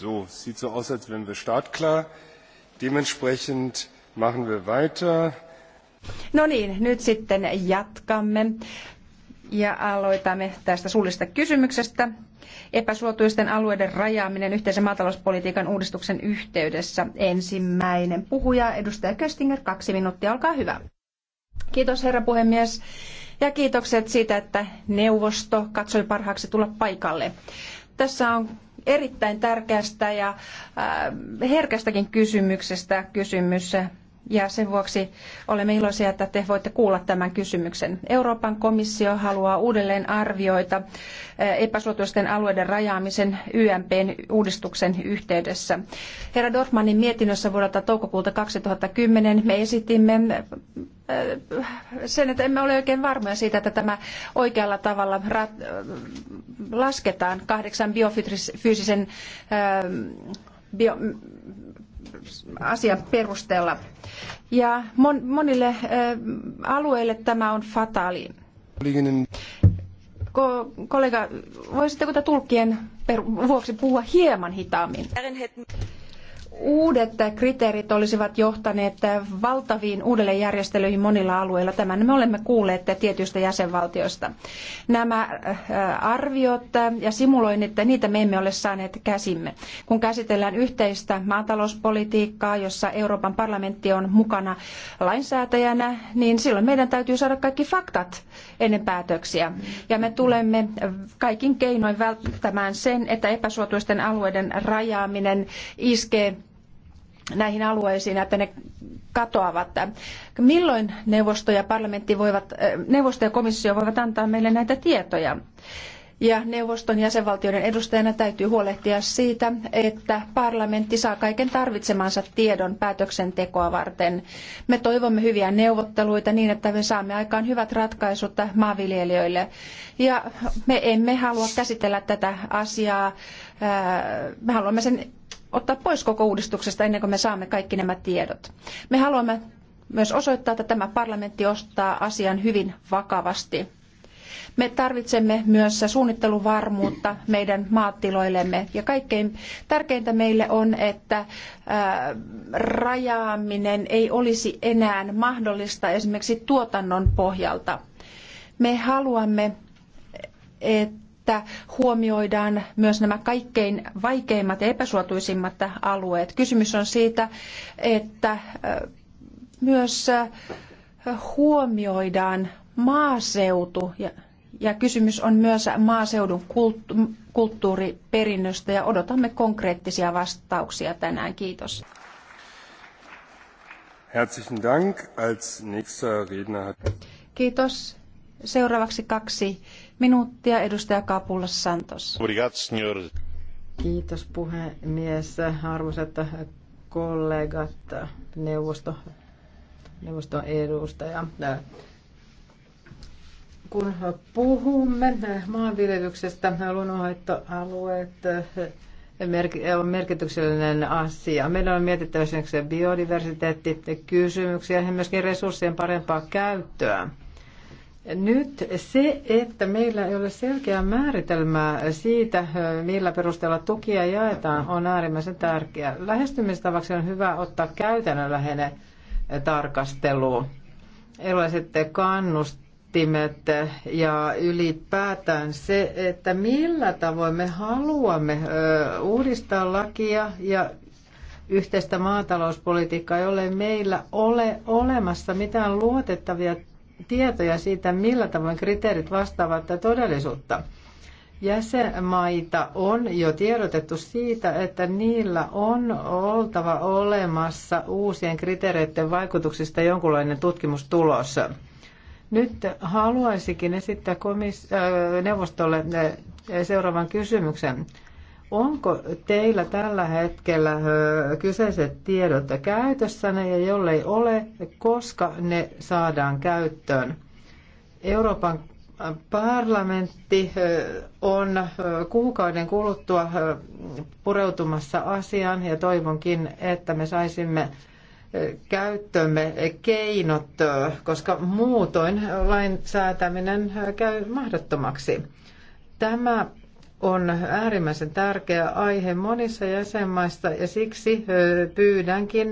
So, sieht so aus, als wären wir startklar. Dementsprechend machen wir weiter. No niin, nyt sitten jatkamme ja aloitamme tästä suullisesta kysymyksestä. Epäsuotuisten alueiden rajaaminen yhteisen maatalouspolitiikan uudistuksen yhteydessä. Ensimmäinen puhuja, edustaja Köstinger, kaksi minuuttia, olkaa hyvä. Kiitos herra puhemies ja kiitokset siitä, että neuvosto katsoi parhaaksi tulla paikalle. Tässä on erittäin tärkeästä ja herkästäkin kysymyksestä kysymys ja sen vuoksi olemme iloisia, että te voitte kuulla tämän kysymyksen. Euroopan komissio haluaa uudelleen arvioita eh, epäsuotuisten alueiden rajaamisen YMPn uudistuksen yhteydessä. Herra Dorfmanin mietinnössä vuodelta toukokuulta 2010 me esitimme eh, sen, että emme ole oikein varmoja siitä, että tämä oikealla tavalla lasketaan kahdeksan biofyysisen eh, bio, asian perusteella. Ja monille alueille tämä on fataali. Ko, kollega, voisitteko te tulkkien vuoksi puhua hieman hitaammin? uudet kriteerit olisivat johtaneet valtaviin uudelleenjärjestelyihin monilla alueilla. Tämän me olemme kuulleet tietyistä jäsenvaltioista. Nämä äh, arviot ja simuloinnit, niitä me emme ole saaneet käsimme. Kun käsitellään yhteistä maatalouspolitiikkaa, jossa Euroopan parlamentti on mukana lainsäätäjänä, niin silloin meidän täytyy saada kaikki faktat ennen päätöksiä. Ja me tulemme kaikin keinoin välttämään sen, että epäsuotuisten alueiden rajaaminen iskee näihin alueisiin, että ne katoavat. Milloin neuvosto ja parlamentti voivat, äh, neuvosto ja komissio voivat antaa meille näitä tietoja? Ja neuvoston jäsenvaltioiden edustajana täytyy huolehtia siitä, että parlamentti saa kaiken tarvitsemansa tiedon päätöksentekoa varten. Me toivomme hyviä neuvotteluita niin, että me saamme aikaan hyvät ratkaisut maanviljelijöille. Ja me emme halua käsitellä tätä asiaa. Äh, me haluamme sen ottaa pois koko uudistuksesta ennen kuin me saamme kaikki nämä tiedot. Me haluamme myös osoittaa, että tämä parlamentti ostaa asian hyvin vakavasti. Me tarvitsemme myös suunnitteluvarmuutta meidän maatiloillemme. Ja kaikkein tärkeintä meille on, että rajaaminen ei olisi enää mahdollista esimerkiksi tuotannon pohjalta. Me haluamme, että että huomioidaan myös nämä kaikkein vaikeimmat ja epäsuotuisimmat alueet. Kysymys on siitä, että äh, myös äh, huomioidaan maaseutu ja, ja kysymys on myös maaseudun kulttu- kulttuuriperinnöstä ja odotamme konkreettisia vastauksia tänään. Kiitos. Herzlichen Dank. Als nächster Redner Kiitos. Seuraavaksi kaksi minuuttia edustaja Kapulla Santos. Kiitos puhemies, arvoisat kollegat, neuvosto, neuvoston edustaja. Kun puhumme maanviljelyksestä, luonnonhoitoalueet on merkityksellinen asia. Meidän on mietittävä esimerkiksi biodiversiteettikysymyksiä ja myöskin resurssien parempaa käyttöä. Nyt se, että meillä ei ole selkeää määritelmää siitä, millä perusteella tukia jaetaan, on äärimmäisen tärkeää. Lähestymistavaksi on hyvä ottaa käytännönläheinen tarkastelu. Erilaiset kannustimet ja ylipäätään se, että millä tavoin me haluamme uudistaa lakia ja yhteistä maatalouspolitiikkaa, jolle meillä ole olemassa mitään luotettavia tietoja siitä, millä tavoin kriteerit vastaavat todellisuutta. Jäsenmaita on jo tiedotettu siitä, että niillä on oltava olemassa uusien kriteereiden vaikutuksista jonkunlainen tutkimustulos. Nyt haluaisikin esittää komis- äh, neuvostolle äh, seuraavan kysymyksen. Onko teillä tällä hetkellä kyseiset tiedot käytössänne ja jollei ole, koska ne saadaan käyttöön? Euroopan parlamentti on kuukauden kuluttua pureutumassa asiaan ja toivonkin, että me saisimme käyttömme keinot, koska muutoin lain säätäminen käy mahdottomaksi. Tämä on äärimmäisen tärkeä aihe monissa jäsenmaissa ja siksi pyydänkin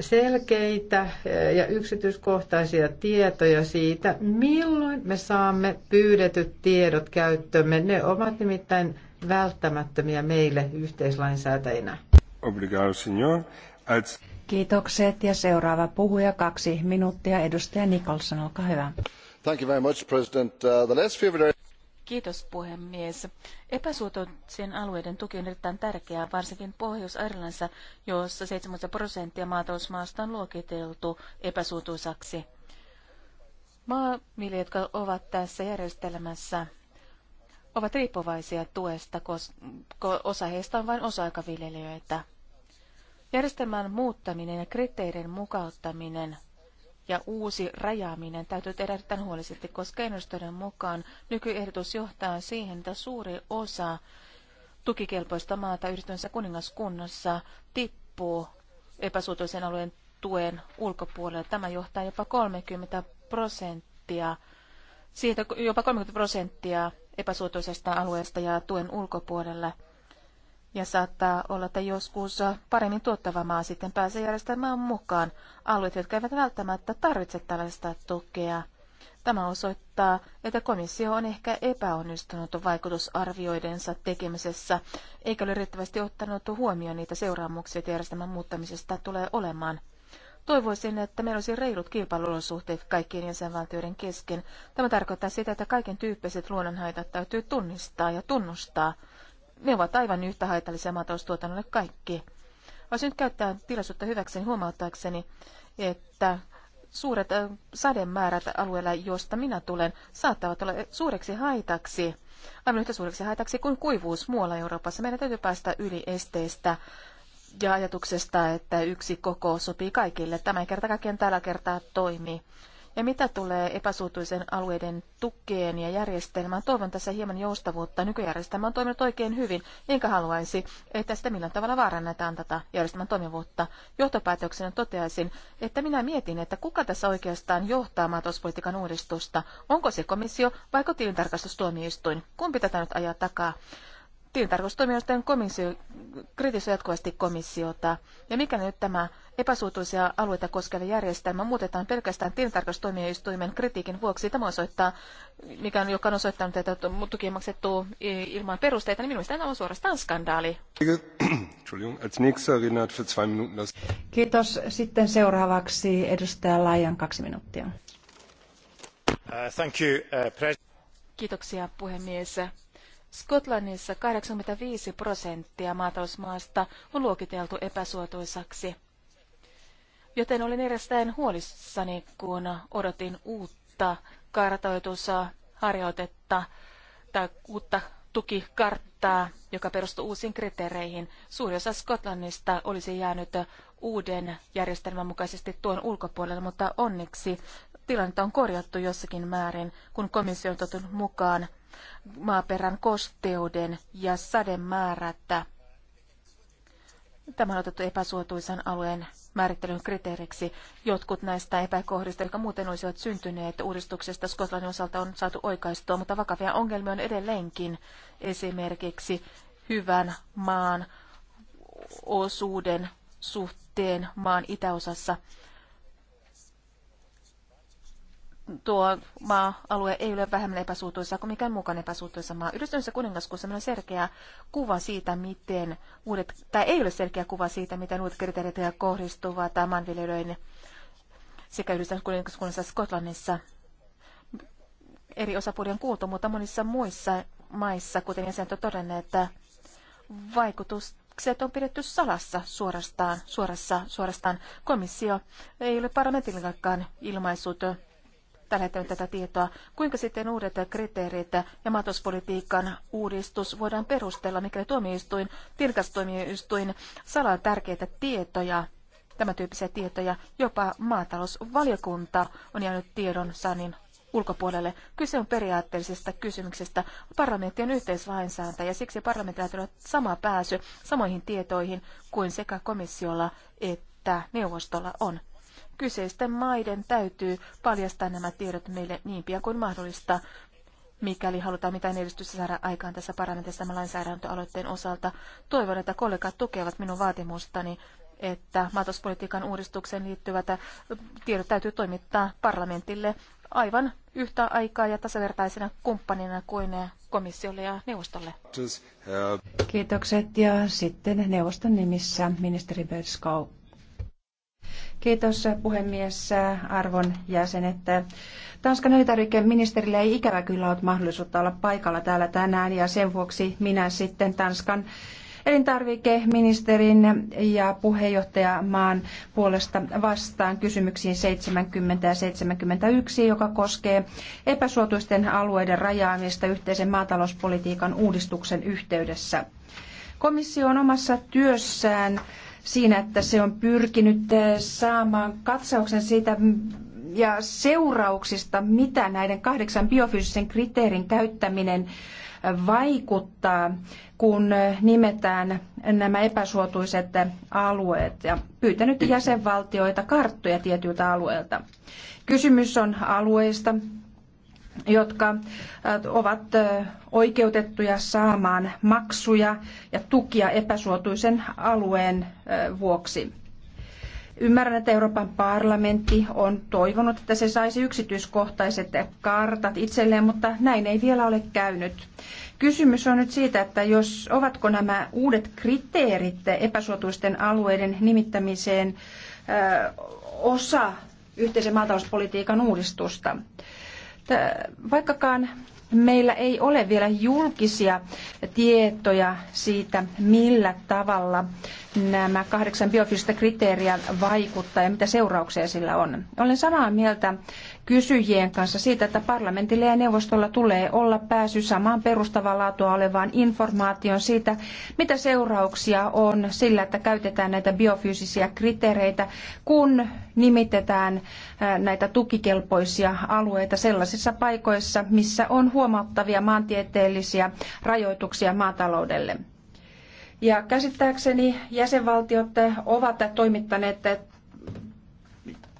selkeitä ja yksityiskohtaisia tietoja siitä, milloin me saamme pyydetyt tiedot käyttöömme. Ne ovat nimittäin välttämättömiä meille yhteislainsäätäjinä. Obrigado, signor. Kiitokset ja seuraava puhuja kaksi minuuttia. Edustaja Nicholson, olkaa hyvä. Thank you very much, President. Uh, the last few... Kiitos puhemies. Epäsuotuisien alueiden tuki on erittäin tärkeää, varsinkin Pohjois-Irlannissa, jossa 70 prosenttia maatalousmaasta on luokiteltu epäsuotuisaksi. Maanviljelijät, jotka ovat tässä järjestelmässä, ovat riippuvaisia tuesta, koska osa heistä on vain osa-aikaviljelijöitä. Järjestelmän muuttaminen ja kriteerien mukauttaminen – ja uusi rajaaminen täytyy tehdä erittäin huolisesti, koska ennusteiden mukaan nykyehdotus johtaa siihen, että suuri osa tukikelpoista maata yhdistyneessä kuningaskunnassa tippuu epäsuotuisen alueen tuen ulkopuolelle. Tämä johtaa jopa 30 prosenttia, siitä jopa 30 prosenttia epäsuotuisesta alueesta ja tuen ulkopuolelle – ja saattaa olla, että joskus paremmin tuottava maa sitten pääsee järjestämään mukaan alueet, jotka eivät välttämättä tarvitse tällaista tukea. Tämä osoittaa, että komissio on ehkä epäonnistunut vaikutusarvioidensa tekemisessä, eikä ole riittävästi ottanut huomioon niitä seuraamuksia, joita järjestelmän muuttamisesta tulee olemaan. Toivoisin, että meillä olisi reilut kilpailuolosuhteet kaikkien jäsenvaltioiden kesken. Tämä tarkoittaa sitä, että kaiken tyyppiset luonnonhaitat täytyy tunnistaa ja tunnustaa – ne ovat aivan yhtä haitallisia maataloustuotannolle kaikki. Voisin nyt käyttää tilaisuutta hyväkseni huomauttaakseni, että suuret sademäärät alueella, josta minä tulen, saattavat olla suureksi haitaksi, aivan yhtä suureksi haitaksi kuin kuivuus muualla Euroopassa. Meidän täytyy päästä yli esteestä ja ajatuksesta, että yksi koko sopii kaikille. Tämä ei kerta kaikkiaan tällä kertaa toimi. Ja mitä tulee epäsuotuisen alueiden tukeen ja järjestelmään, toivon tässä hieman joustavuutta. Nykyjärjestelmä on toiminut oikein hyvin, enkä haluaisi, että sitä millään tavalla vaarannetaan tätä järjestelmän toimivuutta. Johtopäätöksenä toteaisin, että minä mietin, että kuka tässä oikeastaan johtaa maatalouspolitiikan uudistusta. Onko se komissio vai tilintarkastustuomioistuin? Kumpi tätä nyt ajaa takaa? Tilintarkastustuomioistuin komissio kritisoi jatkuvasti komissiota. Ja mikä nyt tämä epäsuotuisia alueita koskeva järjestelmä muutetaan pelkästään tilintarkastustoimioistuimen kritiikin vuoksi. Tämä osoittaa, mikä on, joka on osoittanut, että tuki on maksettu ilman perusteita, niin minun tämä on suorastaan skandaali. Kiitos. Sitten seuraavaksi edustaja Laajan kaksi minuuttia. thank you, uh, Kiitoksia puhemies. Skotlannissa 85 prosenttia maatalousmaasta on luokiteltu epäsuotuisaksi. Joten olin erittäin huolissani, kun odotin uutta kartoitusa harjoitetta tai uutta tukikarttaa, joka perustuu uusiin kriteereihin. Suuri osa Skotlannista olisi jäänyt uuden järjestelmän mukaisesti tuon ulkopuolelle, mutta onneksi tilannetta on korjattu jossakin määrin, kun komissio on mukaan maaperän kosteuden ja sademäärät Tämä on otettu epäsuotuisan alueen määrittelyn kriteeriksi. Jotkut näistä epäkohdista, jotka muuten olisivat syntyneet uudistuksesta Skotlannin osalta, on saatu oikaistua, mutta vakavia ongelmia on edelleenkin. Esimerkiksi hyvän maan osuuden suhteen maan itäosassa tuo maa-alue ei ole vähemmän epäsuutuisa kuin mikään mukaan epäsuutuisa maa. Yhdistyneessä kuningaskunnassa on selkeä kuva siitä, miten uudet, tai ei ole selkeä kuva siitä, miten uudet kriteerit kohdistuvat maanviljelijöiden sekä yhdistyneessä kuningaskunnassa Skotlannissa eri osapuolien kuultu, mutta monissa muissa maissa, kuten jäsenet on todenneet, että vaikutukset on pidetty salassa suorastaan, suorassa, suorastaan. Komissio ei ole parlamentillekaan ilmaissut tällä hetkellä tätä tietoa. Kuinka sitten uudet kriteerit ja maatalouspolitiikan uudistus voidaan perustella, mikä tuomioistuin, tilkastuomioistuin salaa tärkeitä tietoja, tämän tyyppisiä tietoja, jopa maatalousvaliokunta on jäänyt tiedon sanin ulkopuolelle. Kyse on periaatteellisesta kysymyksestä. Parlamentti on ja siksi parlamentilla on sama pääsy samoihin tietoihin kuin sekä komissiolla että neuvostolla on. Kyseisten maiden täytyy paljastaa nämä tiedot meille niin pian kuin mahdollista, mikäli halutaan mitään edistystä saada aikaan tässä parlamentissa tämän lainsäädäntöaloitteen osalta. Toivon, että kollegat tukevat minun vaatimustani, että maatalouspolitiikan uudistukseen liittyvät tiedot täytyy toimittaa parlamentille aivan yhtä aikaa ja tasavertaisena kumppanina kuin komissiolle ja neuvostolle. Kiitokset ja sitten neuvoston nimissä ministeri Berskau. Kiitos puhemies, arvon jäsenet. Tanskan elintarvikkeen ministerillä ei ikävä kyllä ole mahdollisuutta olla paikalla täällä tänään ja sen vuoksi minä sitten Tanskan elintarvikeministerin ja puheenjohtajamaan puolesta vastaan kysymyksiin 70 ja 71, joka koskee epäsuotuisten alueiden rajaamista yhteisen maatalouspolitiikan uudistuksen yhteydessä. Komissio on omassa työssään siinä, että se on pyrkinyt eh, saamaan katsauksen siitä ja seurauksista, mitä näiden kahdeksan biofyysisen kriteerin käyttäminen eh, vaikuttaa, kun eh, nimetään nämä epäsuotuiset alueet ja pyytänyt jäsenvaltioita karttoja tietyiltä alueilta. Kysymys on alueista, jotka äh, ovat äh, oikeutettuja saamaan maksuja ja tukia epäsuotuisen alueen äh, vuoksi. Ymmärrän, että Euroopan parlamentti on toivonut, että se saisi yksityiskohtaiset kartat itselleen, mutta näin ei vielä ole käynyt. Kysymys on nyt siitä, että jos ovatko nämä uudet kriteerit epäsuotuisten alueiden nimittämiseen ö, osa yhteisen maatalouspolitiikan uudistusta. Vaikkakaan meillä ei ole vielä julkisia tietoja siitä, millä tavalla nämä kahdeksan biofyysistä kriteeriä vaikuttaa ja mitä seurauksia sillä on. Olen samaa mieltä kysyjien kanssa siitä, että parlamentille ja neuvostolla tulee olla pääsy samaan perustavaa laatua olevaan informaatioon siitä, mitä seurauksia on sillä, että käytetään näitä biofyysisiä kriteereitä, kun nimitetään äh, näitä tukikelpoisia alueita sellaisissa paikoissa, missä on huomattavia maantieteellisiä rajoituksia maataloudelle. Ja käsittääkseni jäsenvaltiot ovat toimittaneet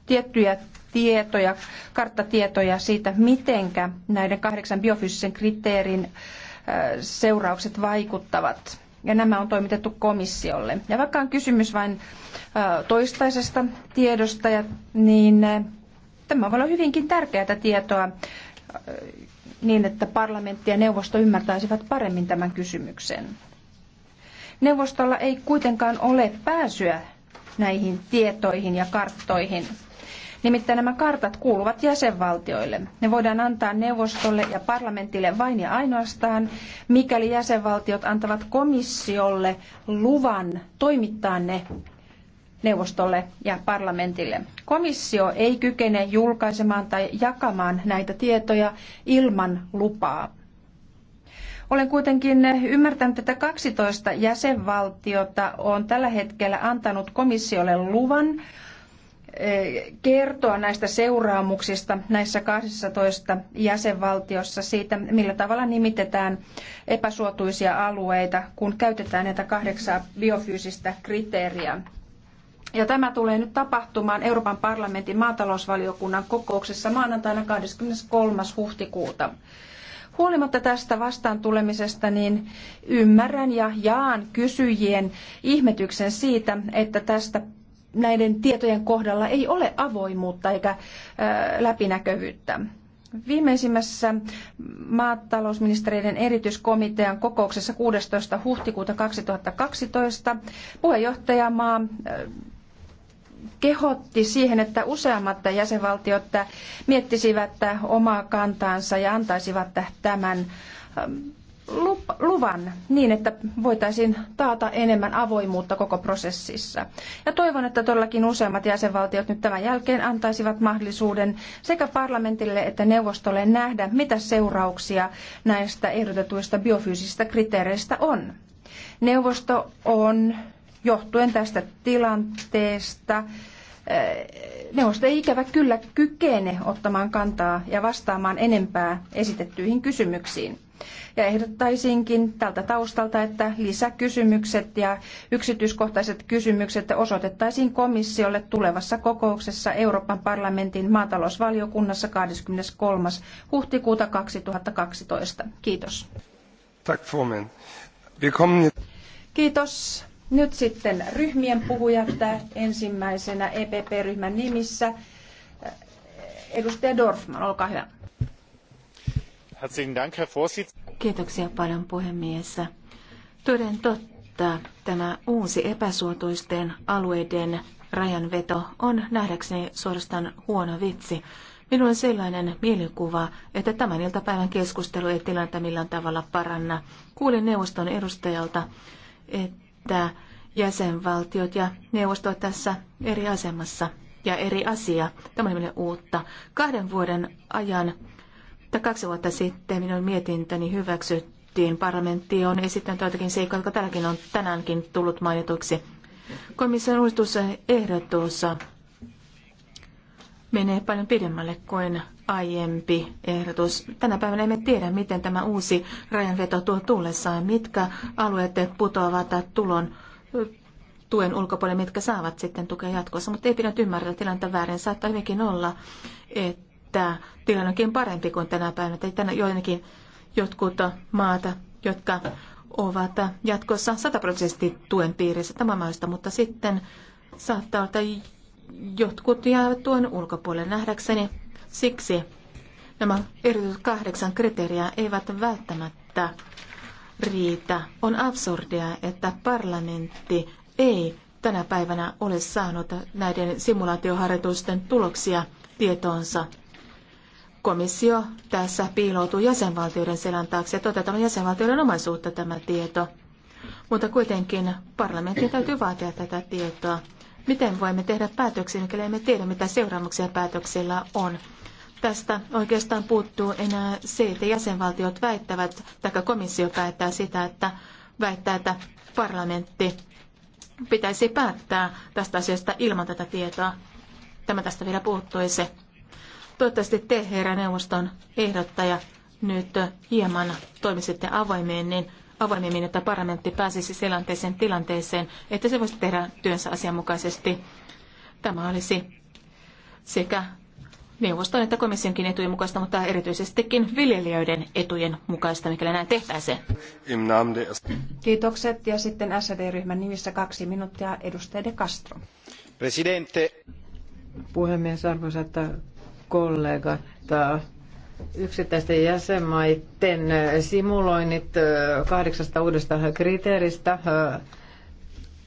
tiettyjä tietoja, karttatietoja siitä, mitenkä näiden kahdeksan biofyysisen kriteerin seuraukset vaikuttavat. Ja nämä on toimitettu komissiolle. Ja vaikka on kysymys vain toistaisesta tiedosta, niin tämä voi olla hyvinkin tärkeää tietoa niin, että parlamentti ja neuvosto ymmärtäisivät paremmin tämän kysymyksen. Neuvostolla ei kuitenkaan ole pääsyä näihin tietoihin ja karttoihin. Nimittäin nämä kartat kuuluvat jäsenvaltioille. Ne voidaan antaa neuvostolle ja parlamentille vain ja ainoastaan, mikäli jäsenvaltiot antavat komissiolle luvan toimittaa ne neuvostolle ja parlamentille. Komissio ei kykene julkaisemaan tai jakamaan näitä tietoja ilman lupaa. Olen kuitenkin ymmärtänyt, että 12 jäsenvaltiota on tällä hetkellä antanut komissiolle luvan Eh, kertoa näistä seuraamuksista näissä 12 jäsenvaltiossa siitä, millä tavalla nimitetään epäsuotuisia alueita, kun käytetään näitä kahdeksaa biofyysistä kriteeriä. Ja tämä tulee nyt tapahtumaan Euroopan parlamentin maatalousvaliokunnan kokouksessa maanantaina 23. huhtikuuta. Huolimatta tästä vastaan tulemisesta, niin ymmärrän ja jaan kysyjien ihmetyksen siitä, että tästä näiden tietojen kohdalla ei ole avoimuutta eikä läpinäkyvyyttä. Viimeisimmässä maatalousministeriöiden erityiskomitean kokouksessa 16. huhtikuuta 2012 puheenjohtajamaa kehotti siihen, että useammat jäsenvaltiot miettisivät omaa kantaansa ja antaisivat tämän luvan niin, että voitaisiin taata enemmän avoimuutta koko prosessissa. Ja toivon, että todellakin useammat jäsenvaltiot nyt tämän jälkeen antaisivat mahdollisuuden sekä parlamentille että neuvostolle nähdä, mitä seurauksia näistä ehdotetuista biofyysisistä kriteereistä on. Neuvosto on johtuen tästä tilanteesta eh, Neuvosto ei ikävä kyllä kykene ottamaan kantaa ja vastaamaan enempää esitettyihin kysymyksiin. Ja ehdottaisinkin tältä taustalta, että lisäkysymykset ja yksityiskohtaiset kysymykset osoitettaisiin komissiolle tulevassa kokouksessa Euroopan parlamentin maatalousvaliokunnassa 23. huhtikuuta 2012. Kiitos. Tack, Kiitos. Nyt sitten ryhmien puhujat ensimmäisenä EPP-ryhmän nimissä. Edustaja Dorfman, olkaa hyvä. Kiitoksia paljon puhemies. Toden totta, tämä uusi epäsuotuisten alueiden rajanveto on nähdäkseni suorastaan huono vitsi. Minulla on sellainen mielikuva, että tämän iltapäivän keskustelu ei tilannetta millään tavalla paranna. Kuulin neuvoston edustajalta, että jäsenvaltiot ja neuvosto tässä eri asemassa ja eri asia. Tämä on meille uutta. Kahden vuoden ajan mutta kaksi vuotta sitten minun mietintöni hyväksyttiin. Parlamentti on esittänyt joitakin seikkoja, jotka tälläkin on tänäänkin tullut mainituksi. Komission uudistusehdotus menee paljon pidemmälle kuin aiempi ehdotus. Tänä päivänä emme tiedä, miten tämä uusi rajanveto tuo tullessaan, mitkä alueet putoavat tulon tuen ulkopuolelle, mitkä saavat sitten tukea jatkossa, mutta ei pidä ymmärtää tilannetta väärin. Saattaa hyvinkin olla, että tämä tilanne onkin parempi kuin tänä päivänä. Tai tänä joidenkin jotkut maata, jotka ovat jatkossa sataprosenttisesti tuen piirissä tämä maista, mutta sitten saattaa olla, että jotkut jäävät tuen ulkopuolelle nähdäkseni. Siksi nämä erityiset kahdeksan kriteeriä eivät välttämättä riitä. On absurdia, että parlamentti ei tänä päivänä ole saanut näiden simulaatioharjoitusten tuloksia tietoonsa. Komissio tässä piiloutuu jäsenvaltioiden selän taakse ja toteutetaan jäsenvaltioiden omaisuutta tämä tieto. Mutta kuitenkin parlamentti täytyy vaatia tätä tietoa. Miten voimme tehdä päätöksiä, mikäli emme tiedä, mitä seuraamuksia päätöksillä on? Tästä oikeastaan puuttuu enää se, että jäsenvaltiot väittävät, tai komissio päättää sitä, että väittää, että parlamentti pitäisi päättää tästä asiasta ilman tätä tietoa. Tämä tästä vielä puuttuisi. Toivottavasti te, herra neuvoston ehdottaja, nyt hieman toimisitte avoimeen, niin avoimemmin, että parlamentti pääsisi selanteeseen tilanteeseen, että se voisi tehdä työnsä asianmukaisesti. Tämä olisi sekä neuvoston että komissionkin etujen mukaista, mutta erityisestikin viljelijöiden etujen mukaista, mikäli näin tehtäisiin. Kiitokset ja sitten sd ryhmän nimissä kaksi minuuttia edustaja De Castro. Presidente. Puhemies, että kollegat. Yksittäisten jäsenmaiden simuloinnit kahdeksasta uudesta kriteeristä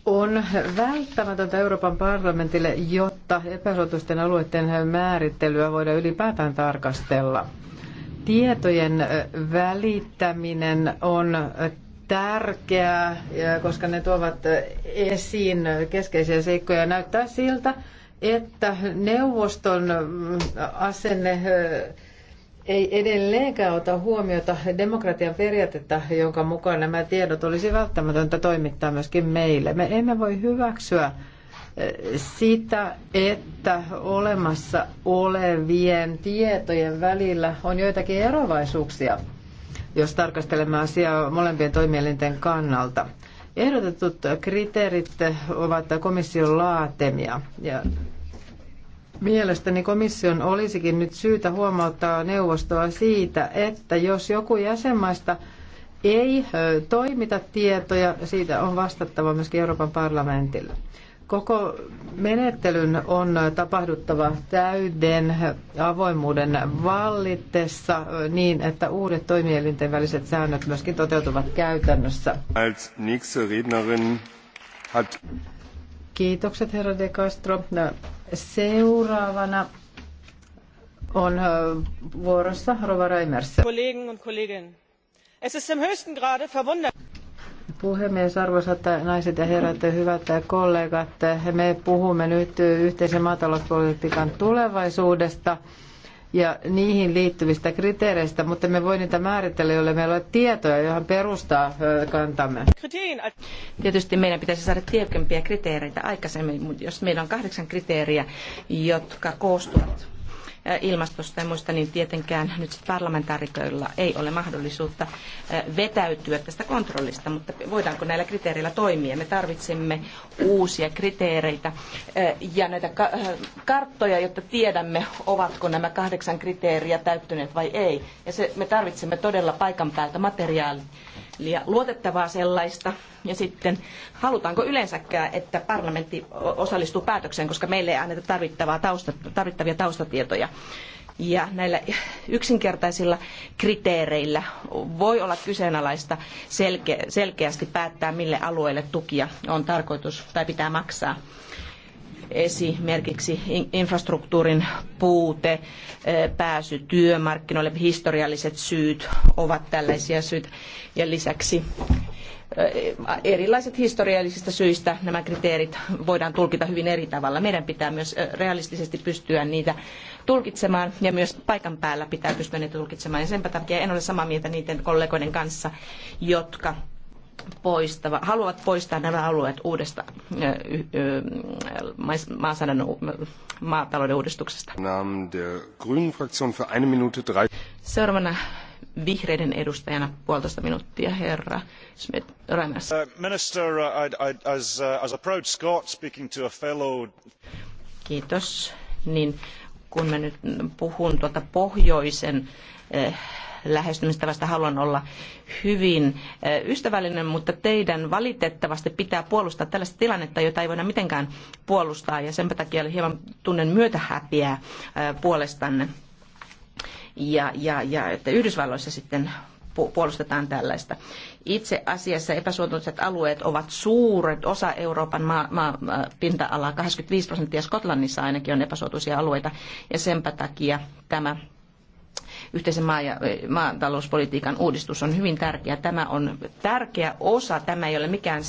on välttämätöntä Euroopan parlamentille, jotta epäsuotuisten alueiden määrittelyä voidaan ylipäätään tarkastella. Tietojen välittäminen on tärkeää, koska ne tuovat esiin keskeisiä seikkoja. Näyttää siltä, että neuvoston äh, asenne äh, ei edelleenkään ota huomiota demokratian periaatetta, jonka mukaan nämä tiedot olisi välttämätöntä toimittaa myöskin meille. Me emme voi hyväksyä äh, sitä, että olemassa olevien tietojen välillä on joitakin eroavaisuuksia, jos tarkastelemme asiaa molempien toimielinten kannalta. Ehdotetut kriteerit ovat komission laatemia. Ja mielestäni komission olisikin nyt syytä huomauttaa neuvostoa siitä, että jos joku jäsenmaista ei toimita tietoja, siitä on vastattava myöskin Euroopan parlamentille. Koko menettelyn on tapahduttava täyden avoimuuden vallitessa niin, että uudet toimielinten väliset säännöt myöskin toteutuvat käytännössä. Als nächste Rednerin hat... Kiitokset, herra De Castro. No, seuraavana on vuorossa Rova Reimers. Kollegen und Kolleginnen. Es ist im höchsten Grade verwundert. Puhemies, arvoisat naiset ja herrat, hyvät kollegat, me puhumme nyt yhteisen maatalouspolitiikan tulevaisuudesta ja niihin liittyvistä kriteereistä, mutta me voimme niitä määritellä, jolle meillä on tietoja, johon perustaa kantamme. Tietysti meidän pitäisi saada tiukempia kriteereitä aikaisemmin, mutta jos meillä on kahdeksan kriteeriä, jotka koostuvat ilmastosta ja muista, niin tietenkään nyt parlamentaarikoilla ei ole mahdollisuutta vetäytyä tästä kontrollista, mutta voidaanko näillä kriteereillä toimia? Me tarvitsemme uusia kriteereitä ja näitä karttoja, jotta tiedämme, ovatko nämä kahdeksan kriteeriä täyttyneet vai ei. Ja se, me tarvitsemme todella paikan päältä materiaalia ja luotettavaa sellaista. Ja sitten halutaanko yleensäkään, että parlamentti osallistuu päätökseen, koska meille ei anneta tarvittavaa tausta, tarvittavia taustatietoja. Ja näillä yksinkertaisilla kriteereillä voi olla kyseenalaista selkeästi päättää, mille alueelle tukia on tarkoitus tai pitää maksaa esimerkiksi infrastruktuurin puute, eh, pääsy työmarkkinoille, historialliset syyt ovat tällaisia syitä. Ja lisäksi eh, erilaiset historiallisista syistä nämä kriteerit voidaan tulkita hyvin eri tavalla. Meidän pitää myös eh, realistisesti pystyä niitä tulkitsemaan ja myös paikan päällä pitää pystyä niitä tulkitsemaan. Ja sen takia en ole samaa mieltä niiden kollegoiden kanssa, jotka poistava, haluavat poistaa nämä alueet uudesta maasadan, maatalouden uudistuksesta. Seuraavana vihreiden edustajana puolitoista minuuttia, herra Smith Reimers. Uh, Minister, uh, as, uh, as a proud Scot speaking to a fellow... Kiitos. Niin kun mä nyt puhun tuota pohjoisen eh, lähestymistavasta haluan olla hyvin eh, ystävällinen, mutta teidän valitettavasti pitää puolustaa tällaista tilannetta, jota ei voida mitenkään puolustaa ja sen takia oli hieman tunnen myötähäpiää eh, puolestanne. Ja, ja, ja että Yhdysvalloissa sitten puolustetaan tällaista. Itse asiassa epäsuotuiset alueet ovat suuret. Osa Euroopan maa, maa, pinta-alaa, 25 prosenttia Skotlannissa ainakin on epäsuotuisia alueita, ja senpä takia tämä yhteisen maa- ja, maatalouspolitiikan uudistus on hyvin tärkeä. Tämä on tärkeä osa, tämä ei ole mikään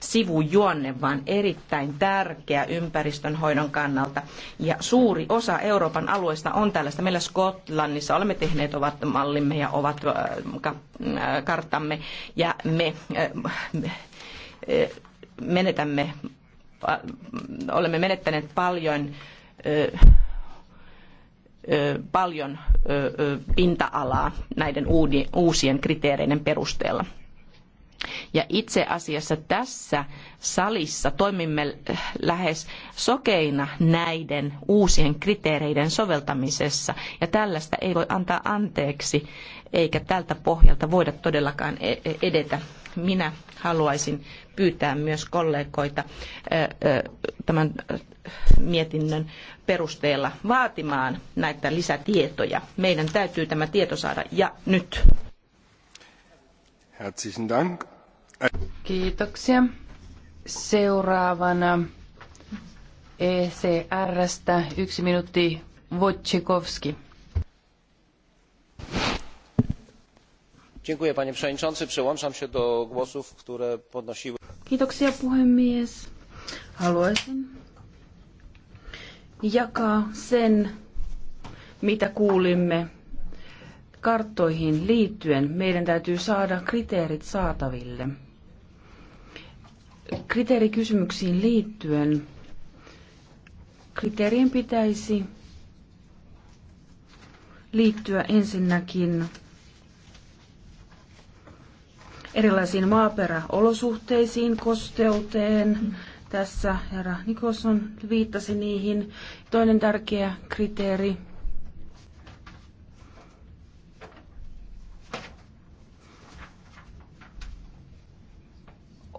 sivujuonne, vaan erittäin tärkeä ympäristönhoidon kannalta. Ja suuri osa Euroopan alueista on tällaista. Meillä Skotlannissa olemme tehneet ovat mallimme ja ovat karttamme ja me menetämme, olemme menettäneet paljon paljon pinta-alaa näiden uusien kriteereiden perusteella. Ja itse asiassa tässä salissa toimimme lähes sokeina näiden uusien kriteereiden soveltamisessa, ja tällaista ei voi antaa anteeksi, eikä tältä pohjalta voida todellakaan e- e- edetä minä haluaisin pyytää myös kollegoita tämän mietinnön perusteella vaatimaan näitä lisätietoja. Meidän täytyy tämä tieto saada ja nyt. Herzlichen Dank. Kiitoksia. Seuraavana ECRstä yksi minuutti Wojciechowski. panie przewodniczący! przyłączam się do głosów które podnosiły. kiitoksia puhemies haluaisin jakaa sen mitä kuulimme karttoihin liittyen. Meidän täytyy saada kriteerit saataville. Kriteerikysymyksiin liittyen kriteerien pitäisi liittyä ensinnäkin erilaisiin maaperäolosuhteisiin, kosteuteen. Tässä herra Nikoson viittasi niihin. Toinen tärkeä kriteeri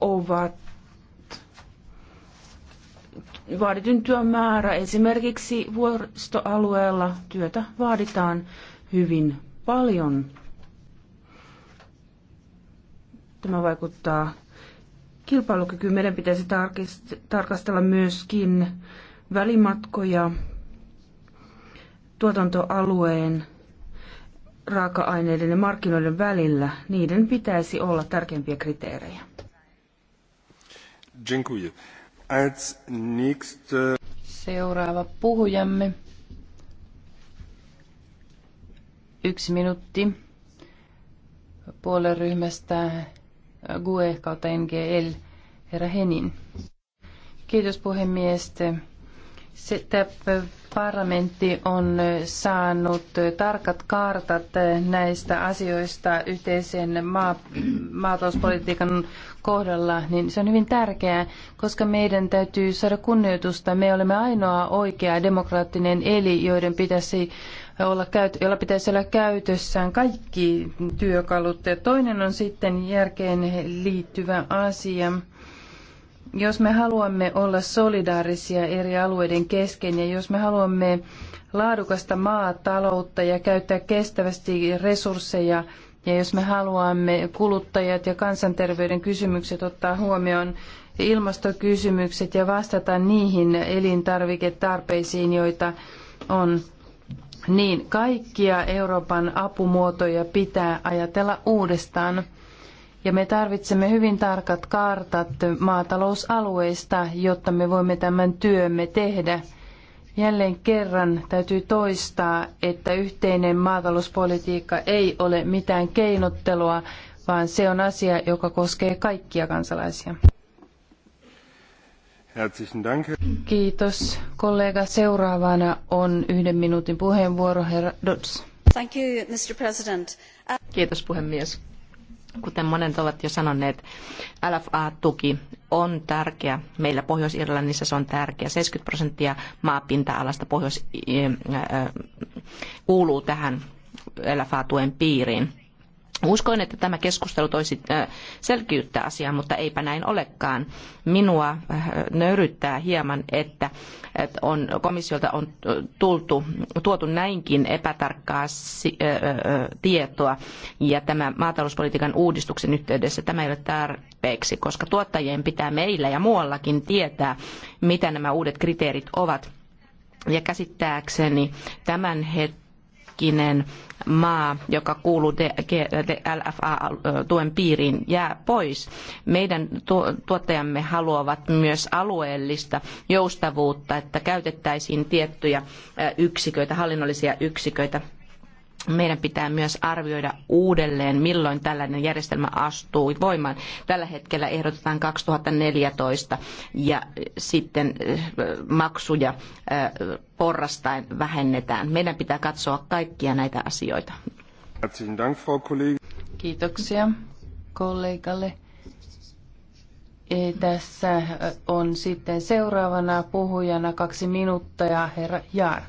ovat vaaditun työn määrä. Esimerkiksi vuoristoalueella työtä vaaditaan hyvin paljon. Tämä vaikuttaa kilpailukykyyn. Meidän pitäisi tarkastella myöskin välimatkoja, tuotantoalueen, raaka-aineiden ja markkinoiden välillä. Niiden pitäisi olla tärkeimpiä kriteerejä. Dziękuję. Als next... E, Seuraava puhujamme. Yksi minuutti ryhmästä GUE kautta NGL, herra Henin. Kiitos puhemies. Sitä parlamentti on saanut tarkat kartat näistä asioista yhteisen maa, maatalouspolitiikan kohdalla, niin se on hyvin tärkeää, koska meidän täytyy saada kunnioitusta. Me olemme ainoa oikea demokraattinen eli, joiden pitäisi olla käyt, jolla pitäisi olla käytössään kaikki työkalut. Ja toinen on sitten järkeen liittyvä asia. Jos me haluamme olla solidaarisia eri alueiden kesken ja jos me haluamme laadukasta maataloutta ja käyttää kestävästi resursseja, ja jos me haluamme kuluttajat ja kansanterveyden kysymykset ottaa huomioon, ilmastokysymykset ja vastata niihin elintarviketarpeisiin, joita on niin kaikkia Euroopan apumuotoja pitää ajatella uudestaan. Ja me tarvitsemme hyvin tarkat kartat maatalousalueista, jotta me voimme tämän työmme tehdä. Jälleen kerran täytyy toistaa, että yhteinen maatalouspolitiikka ei ole mitään keinottelua, vaan se on asia, joka koskee kaikkia kansalaisia. Kiitos kollega. Seuraavana on yhden minuutin puheenvuoro herra Dodds. Thank you, Mr. President. Kiitos puhemies. Kuten monet ovat jo sanoneet, LFA-tuki on tärkeä. Meillä Pohjois-Irlannissa se on tärkeä. 70 prosenttia maapinta-alasta Pohjois- eh, eh, kuuluu tähän LFA-tuen piiriin Uskoin, että tämä keskustelu toisi selkiyttä asiaan, mutta eipä näin olekaan. Minua nöyryttää hieman, että on, komissiolta on tultu, tuotu näinkin epätarkkaa tietoa. Ja tämä maatalouspolitiikan uudistuksen yhteydessä tämä ei ole tarpeeksi, koska tuottajien pitää meillä ja muuallakin tietää, mitä nämä uudet kriteerit ovat. Ja käsittääkseni tämän maa, joka kuuluu LFA-tuen äh, piiriin, jää pois. Meidän tuottajamme haluavat myös alueellista joustavuutta, että käytettäisiin tiettyjä äh, yksiköitä, hallinnollisia yksiköitä meidän pitää myös arvioida uudelleen, milloin tällainen järjestelmä astuu voimaan. Tällä hetkellä ehdotetaan 2014 ja sitten eh, maksuja eh, porrastaen vähennetään. Meidän pitää katsoa kaikkia näitä asioita. Kiitoksia kollegalle. E, tässä eh, on sitten seuraavana puhujana kaksi minuuttia, herra Jaar.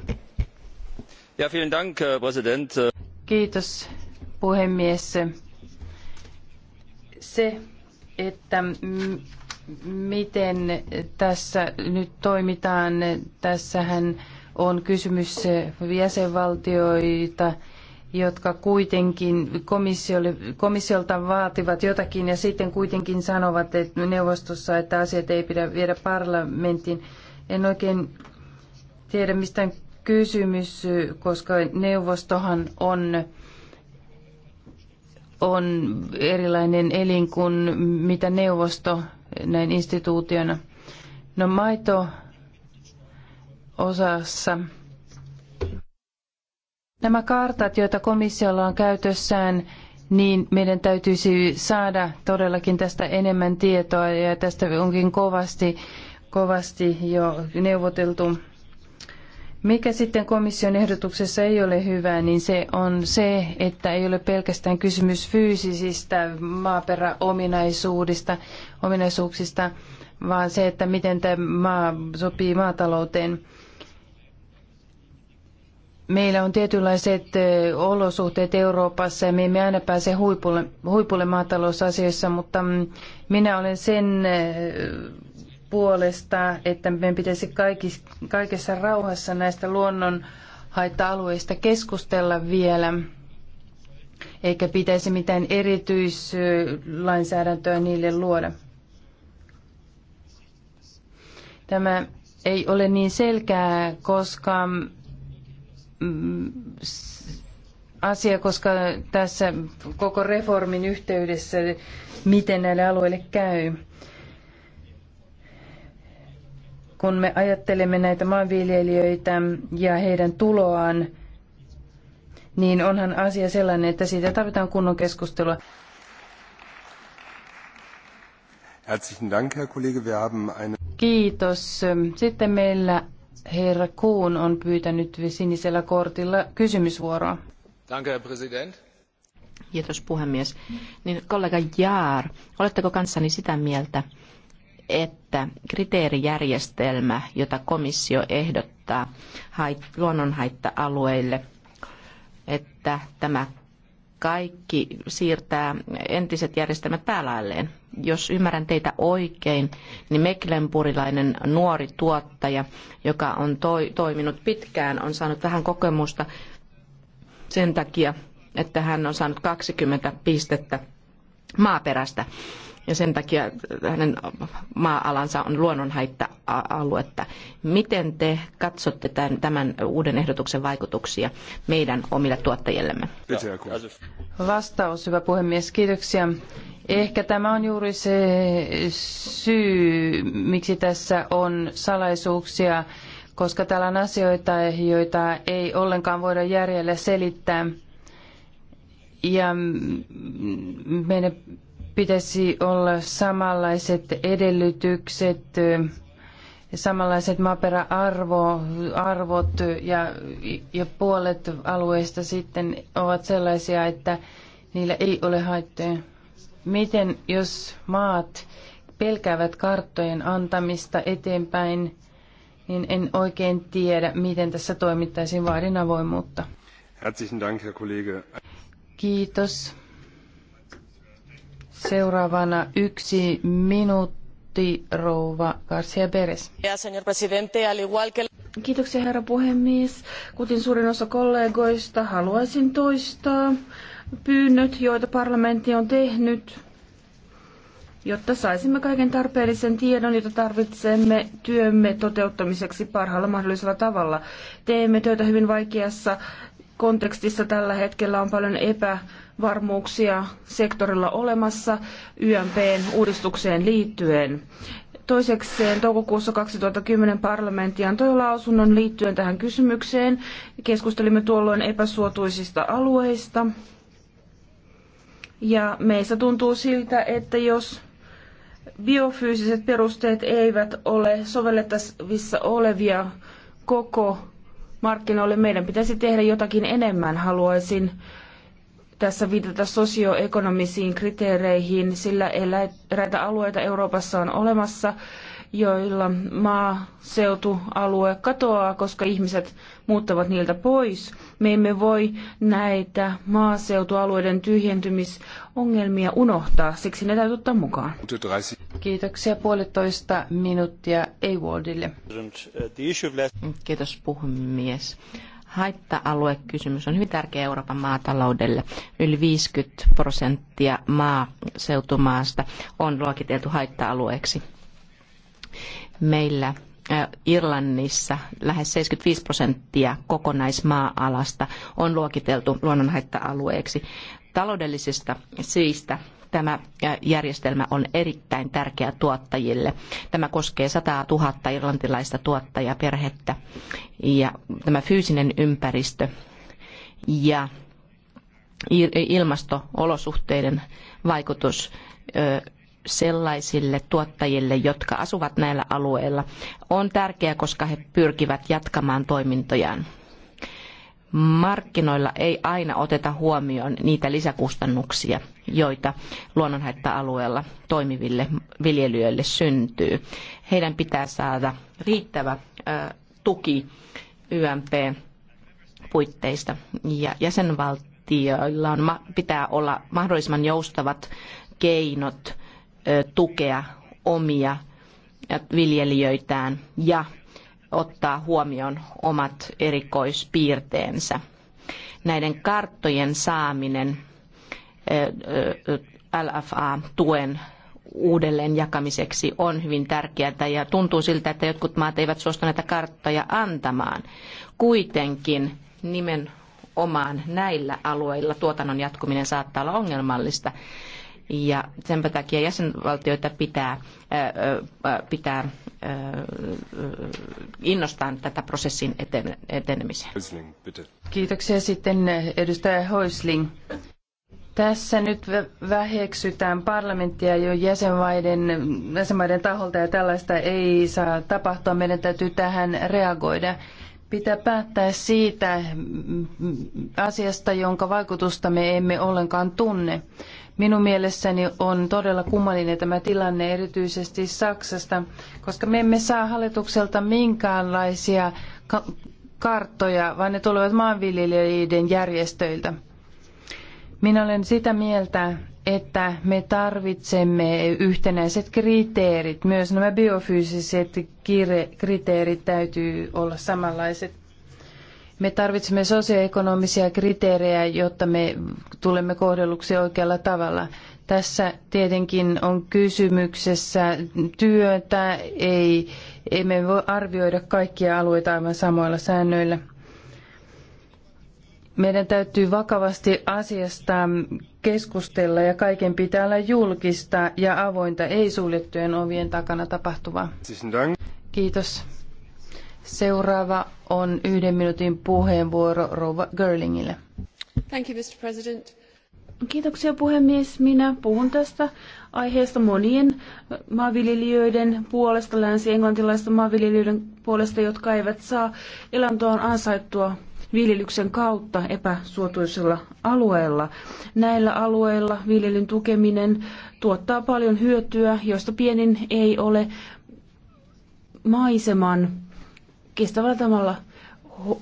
Kiitos puhemies. Se, että miten tässä nyt toimitaan, tässähän on kysymys jäsenvaltioita, jotka kuitenkin komissiolta vaativat jotakin ja sitten kuitenkin sanovat että neuvostossa, että asiat ei pidä viedä parlamenttiin. En oikein tiedä, mistä kysymys, koska neuvostohan on, on erilainen elin kuin mitä neuvosto näin instituutiona. No maito osassa nämä kartat, joita komissiolla on käytössään, niin meidän täytyisi saada todellakin tästä enemmän tietoa ja tästä onkin kovasti, kovasti jo neuvoteltu mikä sitten komission ehdotuksessa ei ole hyvää, niin se on se, että ei ole pelkästään kysymys fyysisistä maaperäominaisuudista, ominaisuuksista, vaan se, että miten tämä maa sopii maatalouteen. Meillä on tietynlaiset olosuhteet Euroopassa ja me emme aina pääse huipulle, huipulle maatalousasioissa, mutta mm, minä olen sen puolesta, että meidän pitäisi kaikessa rauhassa näistä luonnon haitta-alueista keskustella vielä, eikä pitäisi mitään erityislainsäädäntöä niille luoda. Tämä ei ole niin selkeää, koska mm, asia, koska tässä koko reformin yhteydessä, miten näille alueille käy kun me ajattelemme näitä maanviljelijöitä ja heidän tuloaan, niin onhan asia sellainen, että siitä tarvitaan kunnon keskustelua. Kiitos. Sitten meillä herra Kuun on pyytänyt sinisellä kortilla kysymysvuoroa. Kiitos puhemies. Niin kollega Jaar, oletteko kanssani sitä mieltä, että kriteerijärjestelmä, jota komissio ehdottaa luonnonhaitta-alueille, että tämä kaikki siirtää entiset järjestelmät päälailleen. Jos ymmärrän teitä oikein, niin Mecklenburgilainen nuori tuottaja, joka on toi, toiminut pitkään, on saanut vähän kokemusta sen takia, että hän on saanut 20 pistettä maaperästä ja sen takia hänen maa-alansa on luonnonhaitta-aluetta. Miten te katsotte tämän, tämän uuden ehdotuksen vaikutuksia meidän omille tuottajillemme? Vastaus, hyvä puhemies. Kiitoksia. Ehkä tämä on juuri se syy, miksi tässä on salaisuuksia, koska täällä on asioita, joita ei ollenkaan voida järjellä selittää. Ja meidän pitäisi olla samanlaiset edellytykset, samanlaiset maaperäarvot ja, ja puolet alueista sitten ovat sellaisia, että niillä ei ole haittoja. Miten jos maat pelkäävät karttojen antamista eteenpäin, niin en oikein tiedä, miten tässä toimittaisiin. Vaadin avoimuutta. Herzlichen Dank, Herr Kollege. Kiitos. Seuraavana yksi minuutti, rouva Garcia Beres. Kiitoksia herra puhemies. Kuten suurin osa kollegoista, haluaisin toistaa pyynnöt, joita parlamentti on tehnyt, jotta saisimme kaiken tarpeellisen tiedon, jota tarvitsemme työmme toteuttamiseksi parhaalla mahdollisella tavalla. Teemme työtä hyvin vaikeassa kontekstissa tällä hetkellä on paljon epävarmuuksia sektorilla olemassa YMPn uudistukseen liittyen. Toisekseen toukokuussa 2010 parlamentti antoi lausunnon liittyen tähän kysymykseen. Keskustelimme tuolloin epäsuotuisista alueista. Ja meistä tuntuu siltä, että jos biofyysiset perusteet eivät ole sovellettavissa olevia koko markkinoille. Meidän pitäisi tehdä jotakin enemmän, haluaisin tässä viitata sosioekonomisiin kriteereihin, sillä eräitä alueita Euroopassa on olemassa, joilla maaseutualue katoaa, koska ihmiset muuttavat niiltä pois. Me emme voi näitä maaseutualueiden tyhjentymisongelmia unohtaa, siksi ne täytyy ottaa mukaan. Kiitoksia puolitoista minuuttia Eivoldille. Kiitos puhemies haitta-aluekysymys on hyvin tärkeä Euroopan maataloudelle. Yli 50 prosenttia maaseutumaasta on luokiteltu haitta-alueeksi meillä Irlannissa lähes 75 prosenttia kokonaismaa-alasta on luokiteltu luonnonhaitta-alueeksi. Taloudellisista syistä tämä järjestelmä on erittäin tärkeä tuottajille. Tämä koskee 100 000 irlantilaista tuottajaperhettä ja tämä fyysinen ympäristö ja ilmasto-olosuhteiden vaikutus sellaisille tuottajille, jotka asuvat näillä alueilla, on tärkeää, koska he pyrkivät jatkamaan toimintojaan. Markkinoilla ei aina oteta huomioon niitä lisäkustannuksia, joita luonnonhaitta-alueella toimiville viljelijöille syntyy. Heidän pitää saada riittävä tuki YMP-puitteista ja jäsenvaltioilla on, pitää olla mahdollisimman joustavat keinot tukea omia viljelijöitään ja ottaa huomioon omat erikoispiirteensä. Näiden karttojen saaminen LFA-tuen uudelleen jakamiseksi on hyvin tärkeää ja tuntuu siltä, että jotkut maat eivät suostu näitä karttoja antamaan. Kuitenkin nimenomaan näillä alueilla tuotannon jatkuminen saattaa olla ongelmallista ja sen takia jäsenvaltioita pitää, pitää innostaa tätä prosessin etenemiseen. Kiitoksia sitten edustaja Hoisling. Tässä nyt väheksytään parlamenttia jo jäsenmaiden, jäsenmaiden taholta ja tällaista ei saa tapahtua. Meidän täytyy tähän reagoida. Pitää päättää siitä asiasta, jonka vaikutusta me emme ollenkaan tunne. Minun mielessäni on todella kummallinen tämä tilanne erityisesti Saksasta, koska me emme saa hallitukselta minkäänlaisia karttoja, vaan ne tulevat maanviljelijöiden järjestöiltä. Minä olen sitä mieltä, että me tarvitsemme yhtenäiset kriteerit. Myös nämä biofyysiset kriteerit täytyy olla samanlaiset. Me tarvitsemme sosioekonomisia kriteerejä, jotta me tulemme kohdelluksi oikealla tavalla. Tässä tietenkin on kysymyksessä työtä, ei, emme voi arvioida kaikkia alueita aivan samoilla säännöillä. Meidän täytyy vakavasti asiasta keskustella ja kaiken pitää olla julkista ja avointa, ei suljettujen ovien takana tapahtuvaa. Kiitos. Seuraava on yhden minuutin puheenvuoro Rouva Görlingille. Thank you, Mr. President. Kiitoksia puhemies. Minä puhun tästä aiheesta monien maanviljelijöiden puolesta, länsi-englantilaisten maanviljelijöiden puolesta, jotka eivät saa elantoon ansaittua viljelyksen kautta epäsuotuisella alueella. Näillä alueilla viljelyn tukeminen tuottaa paljon hyötyä, josta pienin ei ole maiseman kestävällä tavalla ho-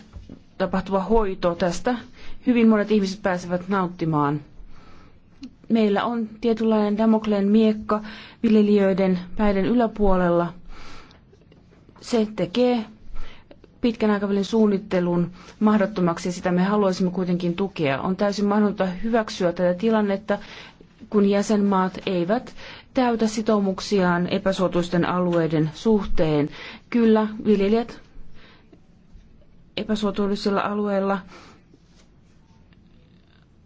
tapahtuva hoito tästä. Hyvin monet ihmiset pääsevät nauttimaan. Meillä on tietynlainen Damokleen miekka viljelijöiden päiden yläpuolella. Se tekee pitkän aikavälin suunnittelun mahdottomaksi ja sitä me haluaisimme kuitenkin tukea. On täysin mahdotonta hyväksyä tätä tilannetta, kun jäsenmaat eivät täytä sitoumuksiaan epäsuotuisten alueiden suhteen. Kyllä, viljelijät epäsuotuisilla alueilla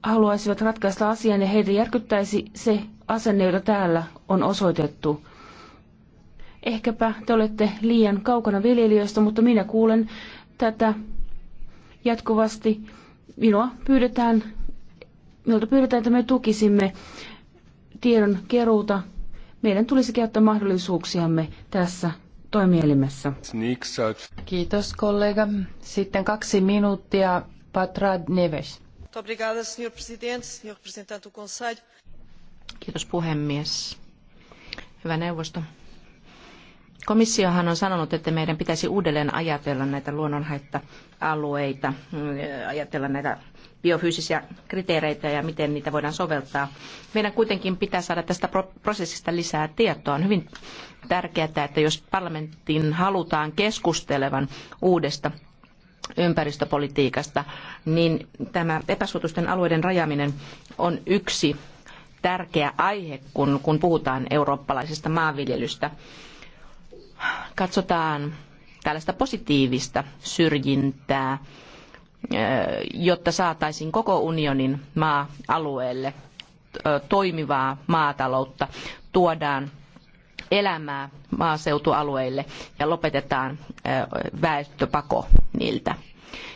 haluaisivat ratkaista asian ja heitä järkyttäisi se asenne, jota täällä on osoitettu. Ehkäpä te olette liian kaukana viljelijöistä, mutta minä kuulen tätä jatkuvasti. Minua pyydetään, minulta pyydetään, että me tukisimme tiedon keruuta. Meidän tulisi käyttää mahdollisuuksiamme tässä toimielimessä. Kiitos kollega. Sitten kaksi minuuttia Patra Neves. Kiitos puhemies. Hyvä neuvosto. Komissiohan on sanonut, että meidän pitäisi uudelleen ajatella näitä luonnonhaitta-alueita, ajatella näitä biofyysisiä kriteereitä ja miten niitä voidaan soveltaa. Meidän kuitenkin pitää saada tästä prosessista lisää tietoa. On hyvin tärkeää, että jos parlamentin halutaan keskustelevan uudesta ympäristöpolitiikasta, niin tämä epäsuotusten alueiden rajaaminen on yksi tärkeä aihe, kun, kun puhutaan eurooppalaisesta maanviljelystä. Katsotaan tällaista positiivista syrjintää jotta saataisiin koko unionin maa-alueelle toimivaa maataloutta, tuodaan elämää maaseutualueille ja lopetetaan väestöpako niiltä.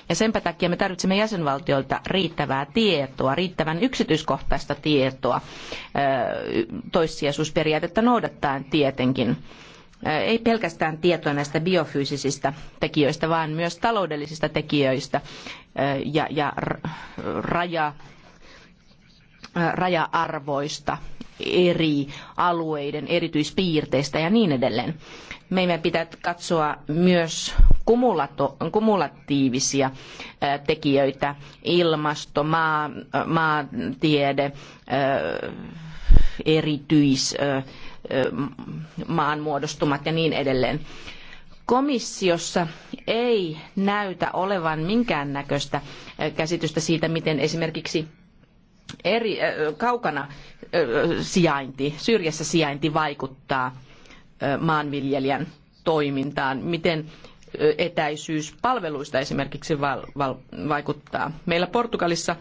Ja senpä takia me tarvitsemme jäsenvaltioilta riittävää tietoa, riittävän yksityiskohtaista tietoa, toissijaisuusperiaatetta noudattaen tietenkin ei pelkästään tietoa näistä biofyysisistä tekijöistä, vaan myös taloudellisista tekijöistä ja, ja raja, raja-arvoista, eri alueiden erityispiirteistä ja niin edelleen. Meidän pitää katsoa myös kumulatiivisia tekijöitä, ilmasto, maa, maatiede, erityis maanmuodostumat ja niin edelleen. Komissiossa ei näytä olevan minkäännäköistä käsitystä siitä, miten esimerkiksi eri, kaukana sijainti, syrjässä sijainti vaikuttaa maanviljelijän toimintaan, miten etäisyys palveluista esimerkiksi vaikuttaa. Meillä Portugalissa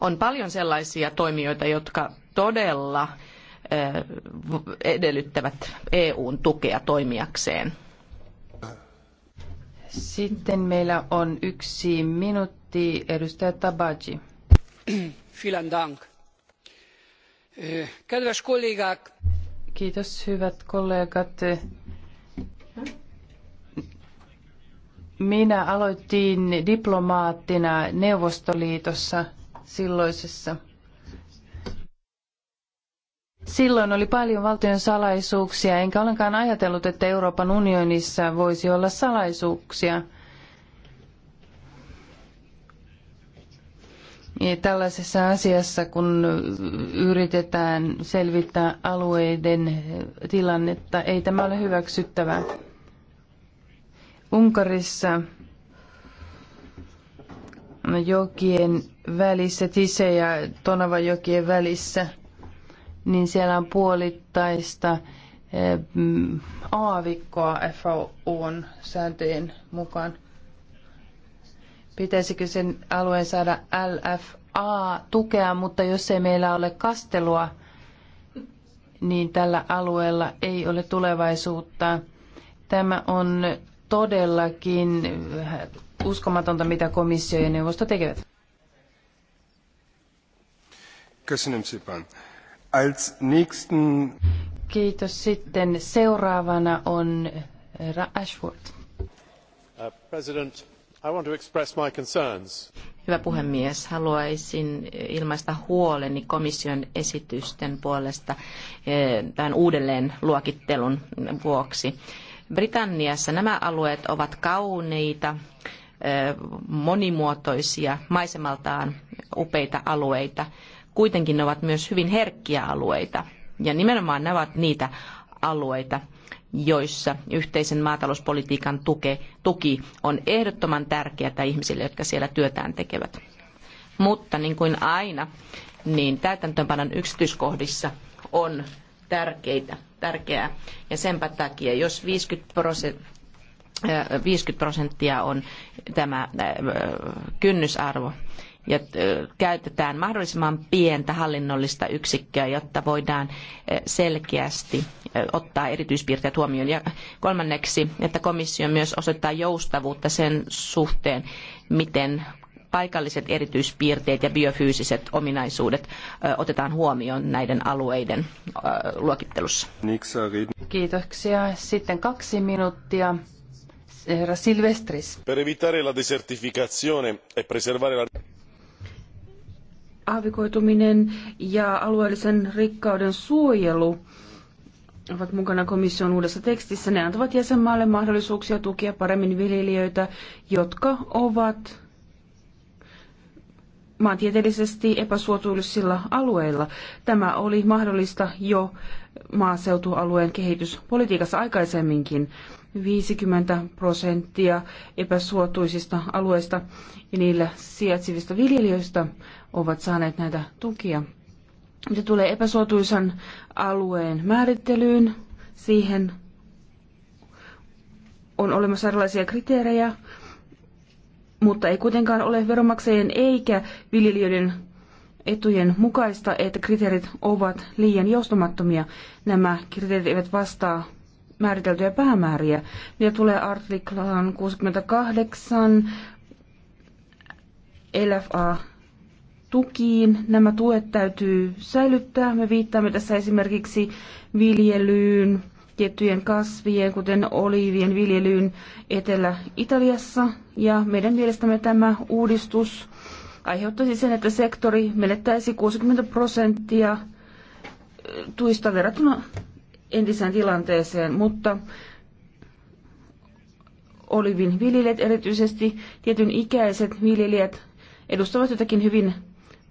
on paljon sellaisia toimijoita, jotka todella edellyttävät EUn tukea toimijakseen. Sitten meillä on yksi minuutti, edustaja Tabaji. Vielen dank. Kedves kollegák! Kiitos, hyvät kollegat. Minä aloitin diplomaattina Neuvostoliitossa silloisessa – Silloin oli paljon valtion salaisuuksia, enkä ollenkaan ajatellut, että Euroopan unionissa voisi olla salaisuuksia. Ja tällaisessa asiassa, kun yritetään selvittää alueiden tilannetta, ei tämä ole hyväksyttävää. Unkarissa jokien välissä, Tise ja Tonavajokien välissä – niin siellä on puolittaista eh, aavikkoa FOUn sääntöjen mukaan. Pitäisikö sen alueen saada LFA-tukea, mutta jos ei meillä ole kastelua, niin tällä alueella ei ole tulevaisuutta. Tämä on todellakin uskomatonta, mitä komissio ja neuvosto tekevät. Köszönöm szépen. Kiitos. Sitten seuraavana on herra Ashworth. Uh, President, I want to express my concerns. Hyvä puhemies, haluaisin ilmaista huoleni komission esitysten puolesta eh, tämän uudelleen luokittelun vuoksi. Britanniassa nämä alueet ovat kauniita, eh, monimuotoisia, maisemaltaan upeita alueita, kuitenkin ne ovat myös hyvin herkkiä alueita. Ja nimenomaan ne ovat niitä alueita, joissa yhteisen maatalouspolitiikan tuke, tuki on ehdottoman tärkeää ihmisille, jotka siellä työtään tekevät. Mutta niin kuin aina, niin täytäntöönpanon yksityiskohdissa on tärkeitä, tärkeää. Ja senpä takia, jos 50 prosenttia 50 prosenttia on tämä äh, äh, kynnysarvo, ja käytetään mahdollisimman pientä hallinnollista yksikköä, jotta voidaan selkeästi ottaa erityispiirteet huomioon. Ja kolmanneksi, että komissio myös osoittaa joustavuutta sen suhteen, miten paikalliset erityispiirteet ja biofyysiset ominaisuudet otetaan huomioon näiden alueiden luokittelussa. Kiitoksia. Sitten kaksi minuuttia. Herra Silvestris. Per evitare la desertificazione e preservare la aavikoituminen ja alueellisen rikkauden suojelu ovat mukana komission uudessa tekstissä. Ne antavat jäsenmaalle mahdollisuuksia tukea paremmin viljelijöitä, jotka ovat maantieteellisesti epäsuotuisilla alueilla. Tämä oli mahdollista jo maaseutualueen kehityspolitiikassa aikaisemminkin. 50 prosenttia epäsuotuisista alueista ja niillä sijaitsevista viljelijöistä ovat saaneet näitä tukia. Mitä tulee epäsuotuisan alueen määrittelyyn, siihen on olemassa erilaisia kriteerejä, mutta ei kuitenkaan ole veronmaksajien eikä viljelijöiden etujen mukaista, että kriteerit ovat liian joustamattomia. Nämä kriteerit eivät vastaa määriteltyjä päämääriä. Ja tulee artiklaan 68 LFA tukiin. Nämä tuet täytyy säilyttää. Me viittaamme tässä esimerkiksi viljelyyn, tiettyjen kasvien, kuten oliivien viljelyyn Etelä-Italiassa. Ja meidän mielestämme tämä uudistus aiheuttaisi sen, että sektori menettäisi 60 prosenttia eh, tuista verrattuna entiseen tilanteeseen, mutta olivin viljelijät, erityisesti tietyn ikäiset viljelijät, edustavat jotakin hyvin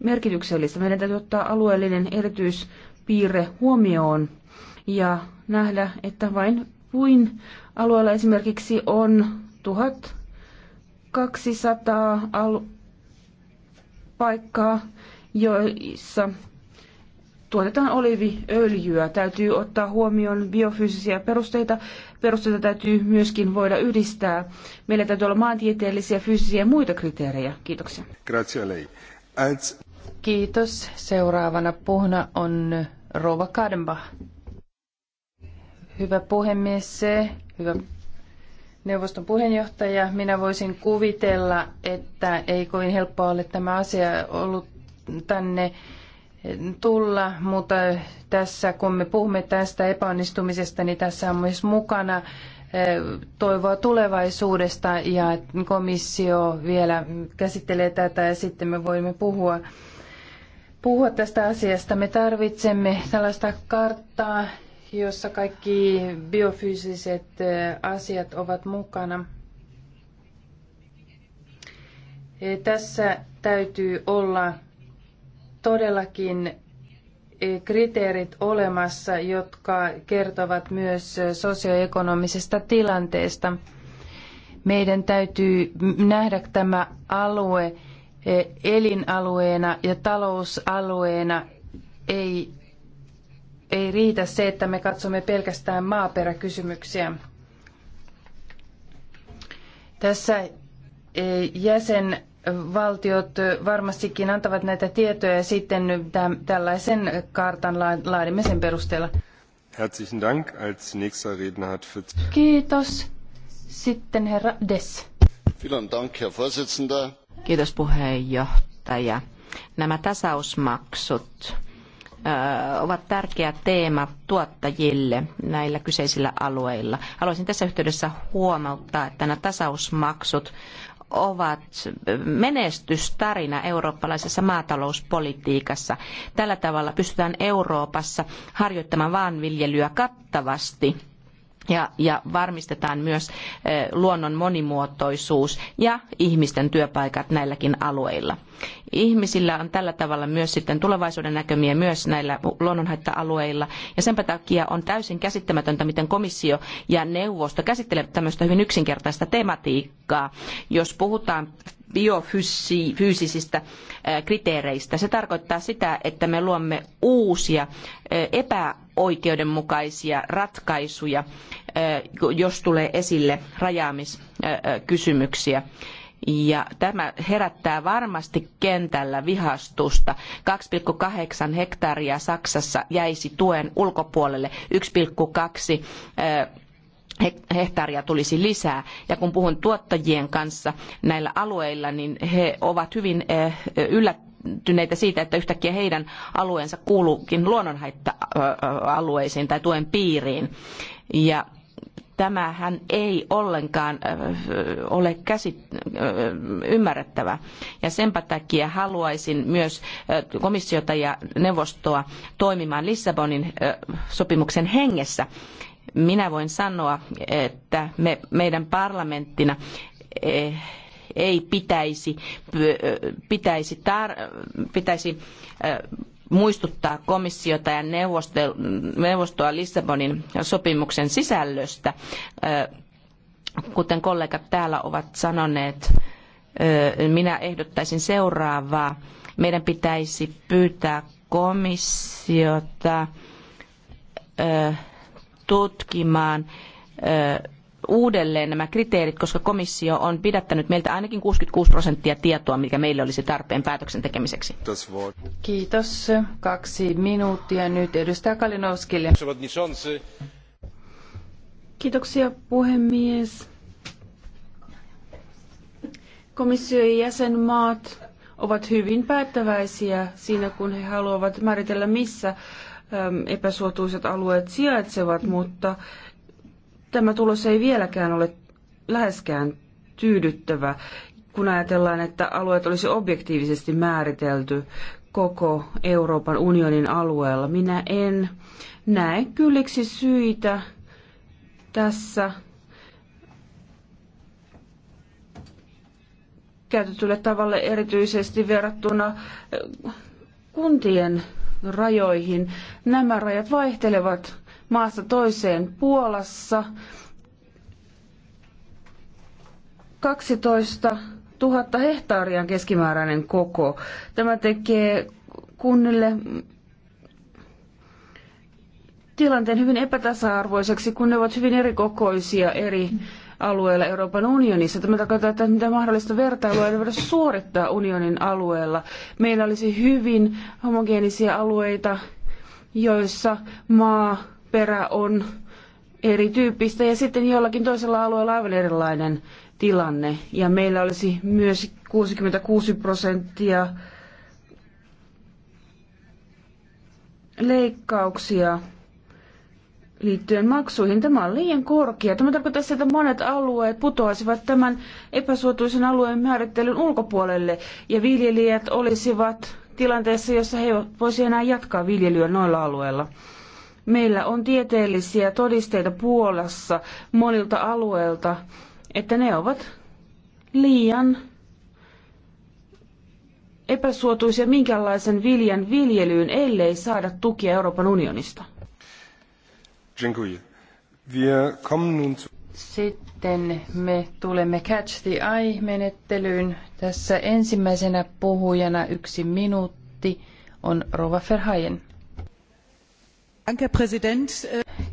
merkityksellistä. Meidän täytyy ottaa alueellinen erityispiirre huomioon ja nähdä, että vain puin alueella esimerkiksi on 1200 alu paikkaa, joissa tuotetaan oliviöljyä. Täytyy ottaa huomioon biofyysisiä perusteita. Perusteita täytyy myöskin voida yhdistää. Meillä täytyy olla maantieteellisiä, fyysisiä ja muita kriteerejä. Kiitoksia. Grazie lei. Als... Kiitos. Seuraavana puhuna on Rova Kadenbach. Hyvä puhemies, hyvä neuvoston puheenjohtaja. Minä voisin kuvitella, että ei kovin helppoa ole tämä asia ollut tänne tulla, mutta tässä kun me puhumme tästä epäonnistumisesta, niin tässä on myös mukana eh, toivoa tulevaisuudesta ja komissio vielä käsittelee tätä ja sitten me voimme puhua puhua tästä asiasta. Me tarvitsemme tällaista karttaa, jossa kaikki biofyysiset asiat ovat mukana. E, tässä täytyy olla todellakin e, kriteerit olemassa, jotka kertovat myös sosioekonomisesta tilanteesta. Meidän täytyy nähdä tämä alue E, elinalueena ja talousalueena ei, ei riitä se, että me katsomme pelkästään maaperäkysymyksiä. Tässä e, jäsenvaltiot varmastikin antavat näitä tietoja ja sitten tällaisen kartan laadimisen perusteella. Herzlichen Dank. Als nächster Redner hat Kiitos. Sitten herra des. Vielen Dank, Herr Vorsitzender. Kiitos puheenjohtaja. Nämä tasausmaksut ovat tärkeä teema tuottajille näillä kyseisillä alueilla. Haluaisin tässä yhteydessä huomauttaa, että nämä tasausmaksut ovat menestystarina eurooppalaisessa maatalouspolitiikassa. Tällä tavalla pystytään Euroopassa harjoittamaan maanviljelyä kattavasti ja, ja varmistetaan myös luonnon monimuotoisuus ja ihmisten työpaikat näilläkin alueilla. Ihmisillä on tällä tavalla myös sitten tulevaisuuden näkömiä myös näillä luonnonhaitta-alueilla ja senpä takia on täysin käsittämätöntä, miten komissio ja neuvosto käsittelevät tämmöistä hyvin yksinkertaista tematiikkaa. Jos puhutaan biofyysisistä kriteereistä. Se tarkoittaa sitä, että me luomme uusia epä oikeudenmukaisia ratkaisuja, jos tulee esille rajaamiskysymyksiä. Ja tämä herättää varmasti kentällä vihastusta. 2,8 hehtaaria Saksassa jäisi tuen ulkopuolelle, 1,2 hehtaaria tulisi lisää. Ja kun puhun tuottajien kanssa näillä alueilla, niin he ovat hyvin yllättyneitä hämmentyneitä siitä, että yhtäkkiä heidän alueensa kuuluukin luonnonhaitta-alueisiin tai tuen piiriin. Ja tämähän ei ollenkaan ole käsit, ymmärrettävä. Ja sen takia haluaisin myös komissiota ja neuvostoa toimimaan Lissabonin sopimuksen hengessä. Minä voin sanoa, että me, meidän parlamenttina eh, ei pitäisi, pitäisi, tar, pitäisi muistuttaa komissiota ja neuvostoa Lissabonin sopimuksen sisällöstä. Kuten kollegat täällä ovat sanoneet, minä ehdottaisin seuraavaa. Meidän pitäisi pyytää komissiota tutkimaan uudelleen nämä kriteerit, koska komissio on pidättänyt meiltä ainakin 66 prosenttia tietoa, mikä meille olisi tarpeen päätöksen tekemiseksi. Kiitos. Kaksi minuuttia nyt edustaja Kiitoksia puhemies. Komission jäsenmaat ovat hyvin päättäväisiä siinä, kun he haluavat määritellä, missä epäsuotuisat alueet sijaitsevat, mutta tämä tulos ei vieläkään ole läheskään tyydyttävä, kun ajatellaan, että alueet olisi objektiivisesti määritelty koko Euroopan unionin alueella. Minä en näe kylliksi syitä tässä käytetylle tavalle erityisesti verrattuna eh, kuntien rajoihin. Nämä rajat vaihtelevat maasta toiseen Puolassa. 12 000 hehtaaria keskimääräinen koko. Tämä tekee kunnille tilanteen hyvin epätasa-arvoiseksi, kun ne ovat hyvin erikokoisia eri alueilla Euroopan unionissa. Tämä tarkoittaa, että mitä mahdollista vertailua ei voida suorittaa unionin alueella. Meillä olisi hyvin homogeenisia alueita, joissa maa perä on erityyppistä ja sitten jollakin toisella alueella aivan erilainen tilanne. Ja meillä olisi myös 66 prosenttia leikkauksia liittyen maksuihin. Tämä on liian korkea. Tämä tarkoittaa sitä, että monet alueet putoaisivat tämän epäsuotuisen alueen määrittelyn ulkopuolelle ja viljelijät olisivat tilanteessa, jossa he voisivat enää jatkaa viljelyä noilla alueilla. Meillä on tieteellisiä todisteita Puolassa monilta alueilta, että ne ovat liian epäsuotuisia minkäänlaisen viljan viljelyyn, ellei saada tukia Euroopan unionista. Sitten me tulemme Catch the Eye-menettelyyn. Tässä ensimmäisenä puhujana yksi minuutti on Rova Verhaien.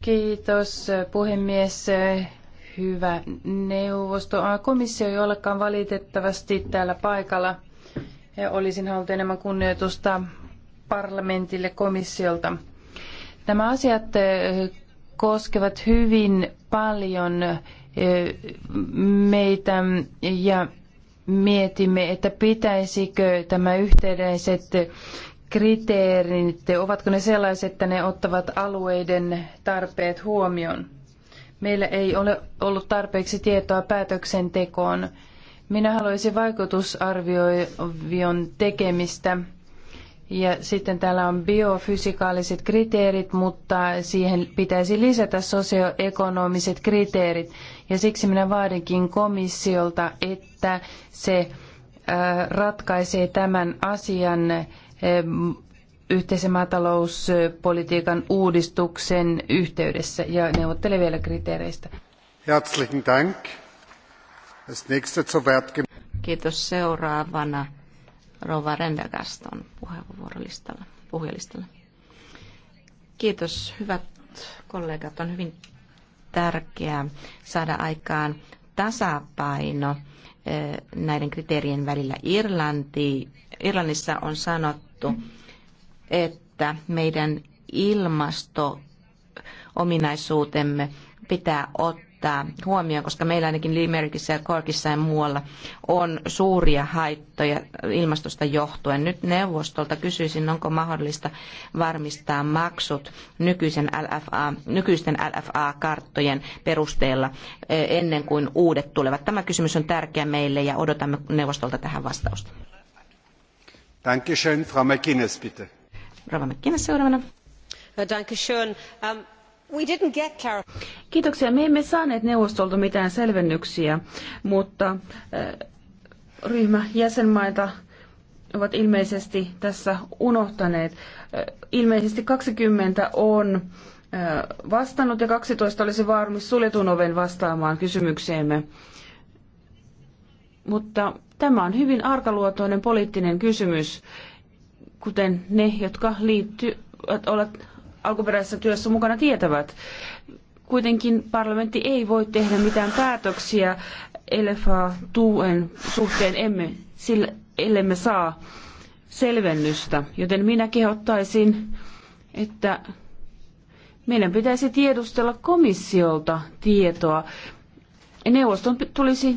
Kiitos puhemies. Hyvä neuvosto. Komissio ei olekaan valitettavasti täällä paikalla. Olisin halunnut enemmän kunnioitusta parlamentille komissiolta. Nämä asiat koskevat hyvin paljon meitä ja mietimme, että pitäisikö tämä yhtenäiset kriteerit, ovatko ne sellaiset, että ne ottavat alueiden tarpeet huomioon? Meillä ei ole ollut tarpeeksi tietoa päätöksentekoon. Minä haluaisin vaikutusarvion tekemistä. Ja sitten täällä on biofysikaaliset kriteerit, mutta siihen pitäisi lisätä sosioekonomiset kriteerit. Ja siksi minä vaadinkin komissiolta, että se äh, ratkaisee tämän asian yhteisen maatalouspolitiikan uudistuksen yhteydessä ja neuvottelee vielä kriteereistä. Herzlichen Dank. Das nächste zu Wert Kiitos seuraavana Rova Rendagaston puheenvuorolistalla, puhujalistalla. Kiitos hyvät kollegat. On hyvin tärkeää saada aikaan tasapaino eh, näiden kriteerien välillä. Irlanti Irlannissa on sanottu, että meidän ilmasto-ominaisuutemme pitää ottaa huomioon, koska meillä ainakin Limerickissä ja Korkissa ja muualla on suuria haittoja ilmastosta johtuen. Nyt neuvostolta kysyisin, onko mahdollista varmistaa maksut nykyisen LFA, nykyisten LFA-karttojen perusteella eh, ennen kuin uudet tulevat. Tämä kysymys on tärkeä meille ja odotamme neuvostolta tähän vastausta. Dankeschön, Frau McGuinness, bitte. Rova McGuinness seuraavana. Dankeschön. Um, we didn't get Kiitoksia. Me emme saaneet neuvostolta mitään selvennyksiä, mutta äh, ryhmä jäsenmaita ovat ilmeisesti tässä unohtaneet. Äh, ilmeisesti 20 on äh, vastannut ja 12 olisi varmis suljetun oven vastaamaan kysymykseemme. Mutta Tämä on hyvin arkaluotoinen poliittinen kysymys, kuten ne, jotka liittyvät, ovat alkuperäisessä työssä mukana tietävät. Kuitenkin parlamentti ei voi tehdä mitään päätöksiä LFA-tuen suhteen, emme, sillä, ellemme saa selvennystä. Joten minä kehottaisin, että meidän pitäisi tiedustella komissiolta tietoa. Neuvoston tulisi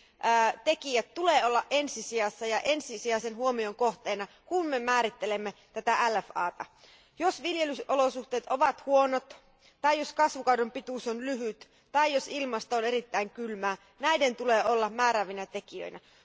tekijät tulee olla ensi sijassa ja ensisijaisen huomion kohteena kun me määrittelemme tätä lfa ta. jos viljelyolosuhteet ovat huonot tai jos kasvukauden pituus on lyhyt tai jos ilmasto on erittäin kylmää näiden tulee olla määräävinä tekijöinä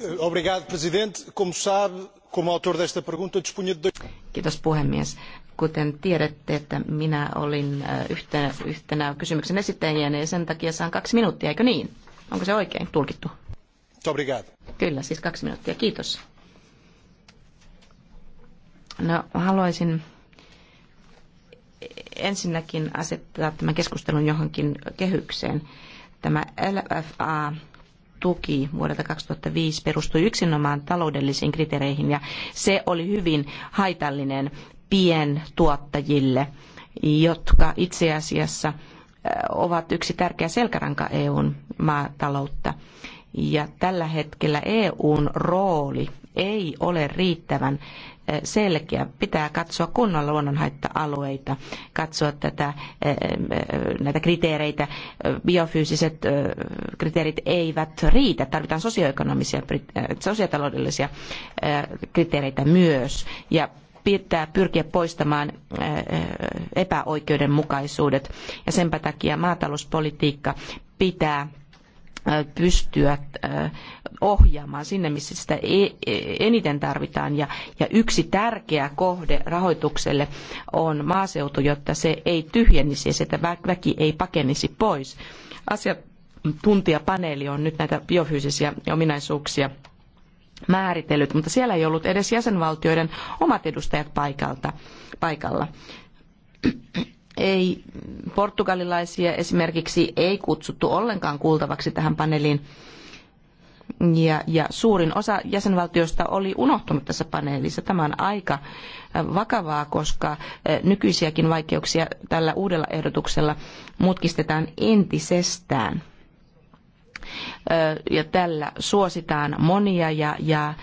Eh, Kiitos puhemies. Kuten tiedätte, että minä olin eh, yhtenä, yhtenä kysymyksen esittäjänä ja sen takia saan kaksi minuuttia, eikö niin? Onko se oikein tulkittu? Kyllä, siis kaksi minuuttia. Kiitos. No, haluaisin ensinnäkin asettaa tämän keskustelun johonkin kehykseen. Tämä LFA tuki vuodelta 2005 perustui yksinomaan taloudellisiin kriteereihin ja se oli hyvin haitallinen pientuottajille, jotka itse asiassa ovat yksi tärkeä selkäranka EUn maataloutta. Ja tällä hetkellä EUn rooli ei ole riittävän selkeä. Pitää katsoa kunnon luonnonhaitta-alueita, katsoa tätä, näitä kriteereitä. Biofyysiset kriteerit eivät riitä, tarvitaan sosioekonomisia, sosiotaloudellisia kriteereitä myös. Ja pitää pyrkiä poistamaan epäoikeudenmukaisuudet ja senpä takia maatalouspolitiikka pitää pystyä ohjaamaan sinne, missä sitä e, e, eniten tarvitaan. Ja, yksi tärkeä kohde rahoitukselle on maaseutu, jotta se ei tyhjennisi ja sitä väki ei pakenisi pois. Asiantuntijapaneeli on nyt näitä biofyysisiä ominaisuuksia määritellyt, mutta siellä ei ollut edes jäsenvaltioiden omat edustajat paikalta, paikalla ei portugalilaisia esimerkiksi ei kutsuttu ollenkaan kuultavaksi tähän paneeliin. Ja, ja suurin osa jäsenvaltioista oli unohtunut tässä paneelissa. Tämä on aika äh, vakavaa, koska äh, nykyisiäkin vaikeuksia tällä uudella ehdotuksella mutkistetaan entisestään. Äh, ja tällä suositaan monia ja, ja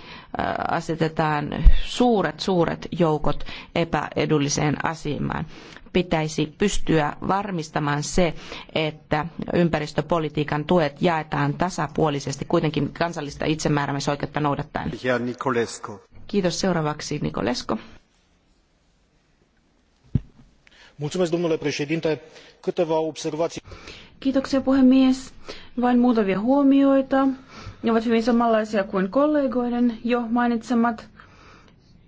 asetetaan suuret, suuret joukot epäedulliseen asemaan pitäisi pystyä varmistamaan se, että ympäristöpolitiikan tuet jaetaan tasapuolisesti kuitenkin kansallista itsemääräämisoikeutta noudattaen. Kiitos seuraavaksi Nikolesko. Câteva observații. Kiitoksia puhemies. Vain muutamia huomioita. Ne ovat hyvin samanlaisia kuin kollegoiden jo mainitsemat.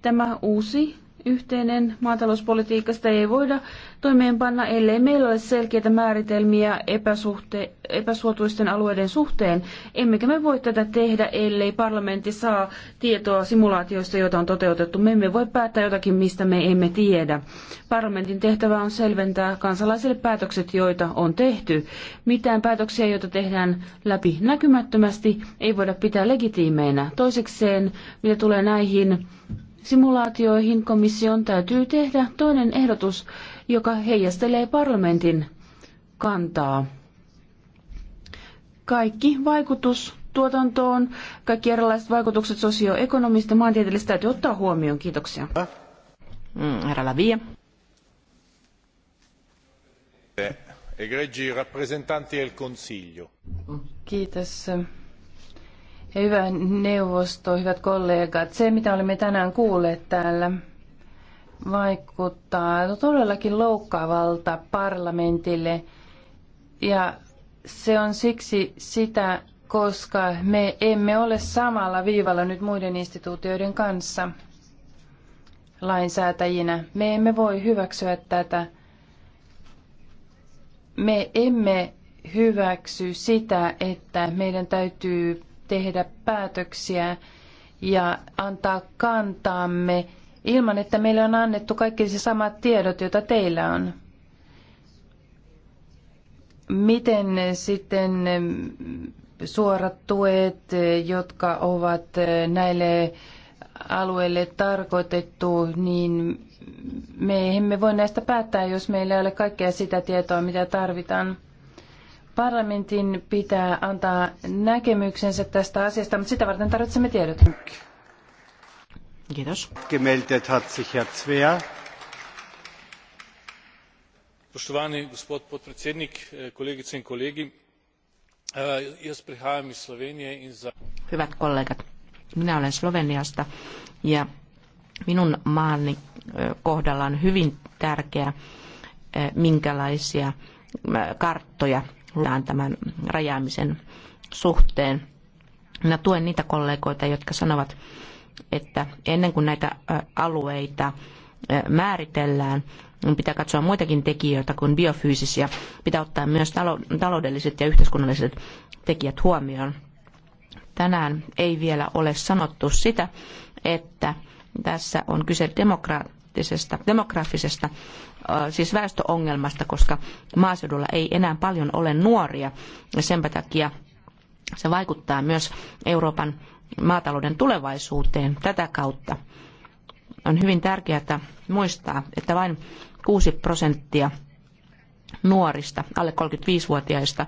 Tämä uusi yhteinen maatalouspolitiikka, sitä ei voida toimeenpanna, ellei meillä ole selkeitä määritelmiä epäsuhte, epäsuotuisten alueiden suhteen. Emmekä me voi tätä tehdä, ellei parlamentti saa tietoa simulaatioista, joita on toteutettu. Me emme voi päättää jotakin, mistä me emme tiedä. Parlamentin tehtävä on selventää kansalaisille päätökset, joita on tehty. Mitään päätöksiä, joita tehdään läpi näkymättömästi, ei voida pitää legitiimeinä. Toisekseen, mitä tulee näihin simulaatioihin komission täytyy tehdä toinen ehdotus, joka heijastelee parlamentin kantaa. Kaikki vaikutus tuotantoon, kaikki erilaiset vaikutukset sosioekonomista ja maantieteellistä täytyy ottaa huomioon. Kiitoksia. Mm, herra Lavia. Egregi rappresentanti del Consiglio. Kiitos ja hyvä neuvosto, hyvät kollegat. Se, mitä olemme tänään kuulleet täällä, vaikuttaa todellakin loukkaavalta parlamentille. Ja se on siksi sitä, koska me emme ole samalla viivalla nyt muiden instituutioiden kanssa lainsäätäjinä. Me emme voi hyväksyä tätä. Me emme hyväksy sitä, että meidän täytyy tehdä päätöksiä ja antaa kantaamme ilman, että meille on annettu kaikki se samat tiedot, joita teillä on. Miten sitten mm, suorat tuet, jotka ovat näille alueille tarkoitettu, niin me emme voi näistä päättää, jos meillä ei ole kaikkea sitä tietoa, mitä tarvitaan. Parlamentin pitää antaa näkemyksensä tästä asiasta, mutta sitä varten tarvitsemme tiedot. Kiitos. Gemeldet hat sich Herr Zwer. Spoštovani gospod podpredsednik, eh, kolegice in kolegi. Eh, jaz prihajam iz Slovenije in za... Hyvät kollegat, minä olen Sloveniasta ja minun maani eh, kohdalla on hyvin tärkeä, minkälaisia karttoja tämän rajaamisen suhteen. Minä tuen niitä kollegoita, jotka sanovat, että ennen kuin näitä alueita määritellään, niin pitää katsoa muitakin tekijöitä kuin biofyysisiä. Pitää ottaa myös taloudelliset ja yhteiskunnalliset tekijät huomioon. Tänään ei vielä ole sanottu sitä, että tässä on kyse demokra- demografisesta, demografisesta siis väestöongelmasta, koska maaseudulla ei enää paljon ole nuoria. Ja sen takia se vaikuttaa myös Euroopan maatalouden tulevaisuuteen tätä kautta. On hyvin tärkeää muistaa, että vain 6 prosenttia nuorista, alle 35-vuotiaista,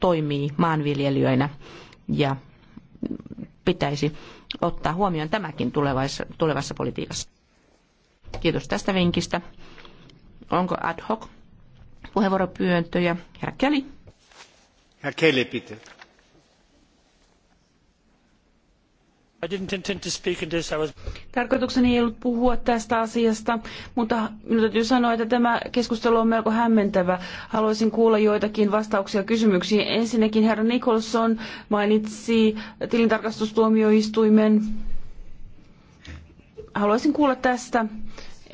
toimii maanviljelijöinä ja pitäisi ottaa huomioon tämäkin tulevassa politiikassa. Kiitos tästä vinkistä. Onko ad hoc puheenvuoropyöntöjä? Herra Kelly. Herra Kelly, bitte. Tarkoitukseni ei ollut puhua tästä asiasta, mutta minun täytyy sanoa, että tämä keskustelu on melko hämmentävä. Haluaisin kuulla joitakin vastauksia kysymyksiin. Ensinnäkin herra Nicholson mainitsi tilintarkastustuomioistuimen haluaisin kuulla tästä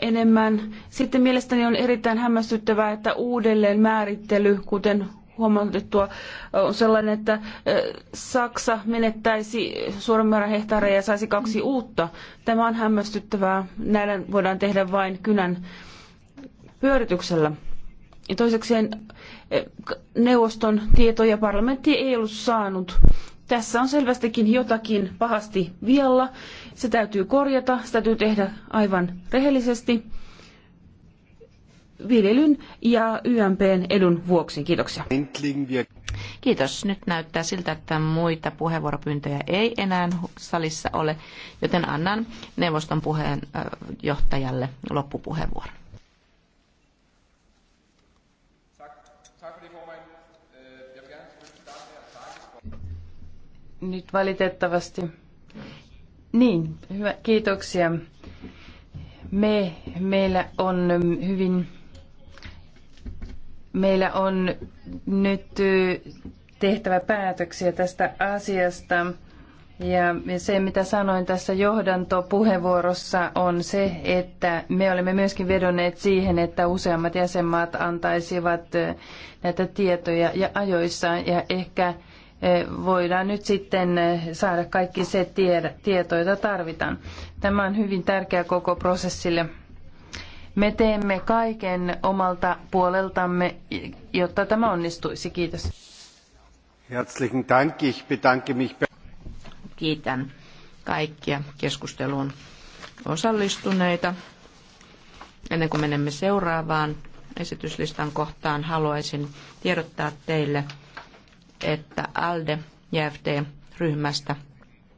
enemmän. Sitten mielestäni on erittäin hämmästyttävää, että uudelleen määrittely, kuten huomautettua, on sellainen, että Saksa menettäisi suuren määrän hehtaareja ja saisi kaksi uutta. Tämä on hämmästyttävää. näiden voidaan tehdä vain kynän pyörityksellä. Ja toisekseen neuvoston tietoja parlamentti ei ollut saanut. Tässä on selvästikin jotakin pahasti vialla se täytyy korjata, se täytyy tehdä aivan rehellisesti viljelyn ja YMPn edun vuoksi. Kiitoksia. Kiitos. Nyt näyttää siltä, että muita puheenvuoropyyntöjä ei enää salissa ole, joten annan neuvoston puheenjohtajalle loppupuheenvuoron. Nyt valitettavasti niin, hyvä, kiitoksia. Me, meillä on ähm, hyvin, meillä on nyt äh, tehtävä päätöksiä tästä asiasta. Ja se, mitä sanoin tässä johdantopuheenvuorossa, on se, että me olemme myöskin vedonneet siihen, että useammat jäsenmaat antaisivat äh, näitä tietoja ja ajoissa ja ehkä voidaan nyt sitten saada kaikki se tieto, jota tarvitaan. Tämä on hyvin tärkeä koko prosessille. Me teemme kaiken omalta puoleltamme, jotta tämä onnistuisi. Kiitos. Herzlichen Dank. Ich bedanke mich. Kiitän kaikkia keskusteluun osallistuneita. Ennen kuin menemme seuraavaan esityslistan kohtaan, haluaisin tiedottaa teille, että ALDE, JFD, ryhmästä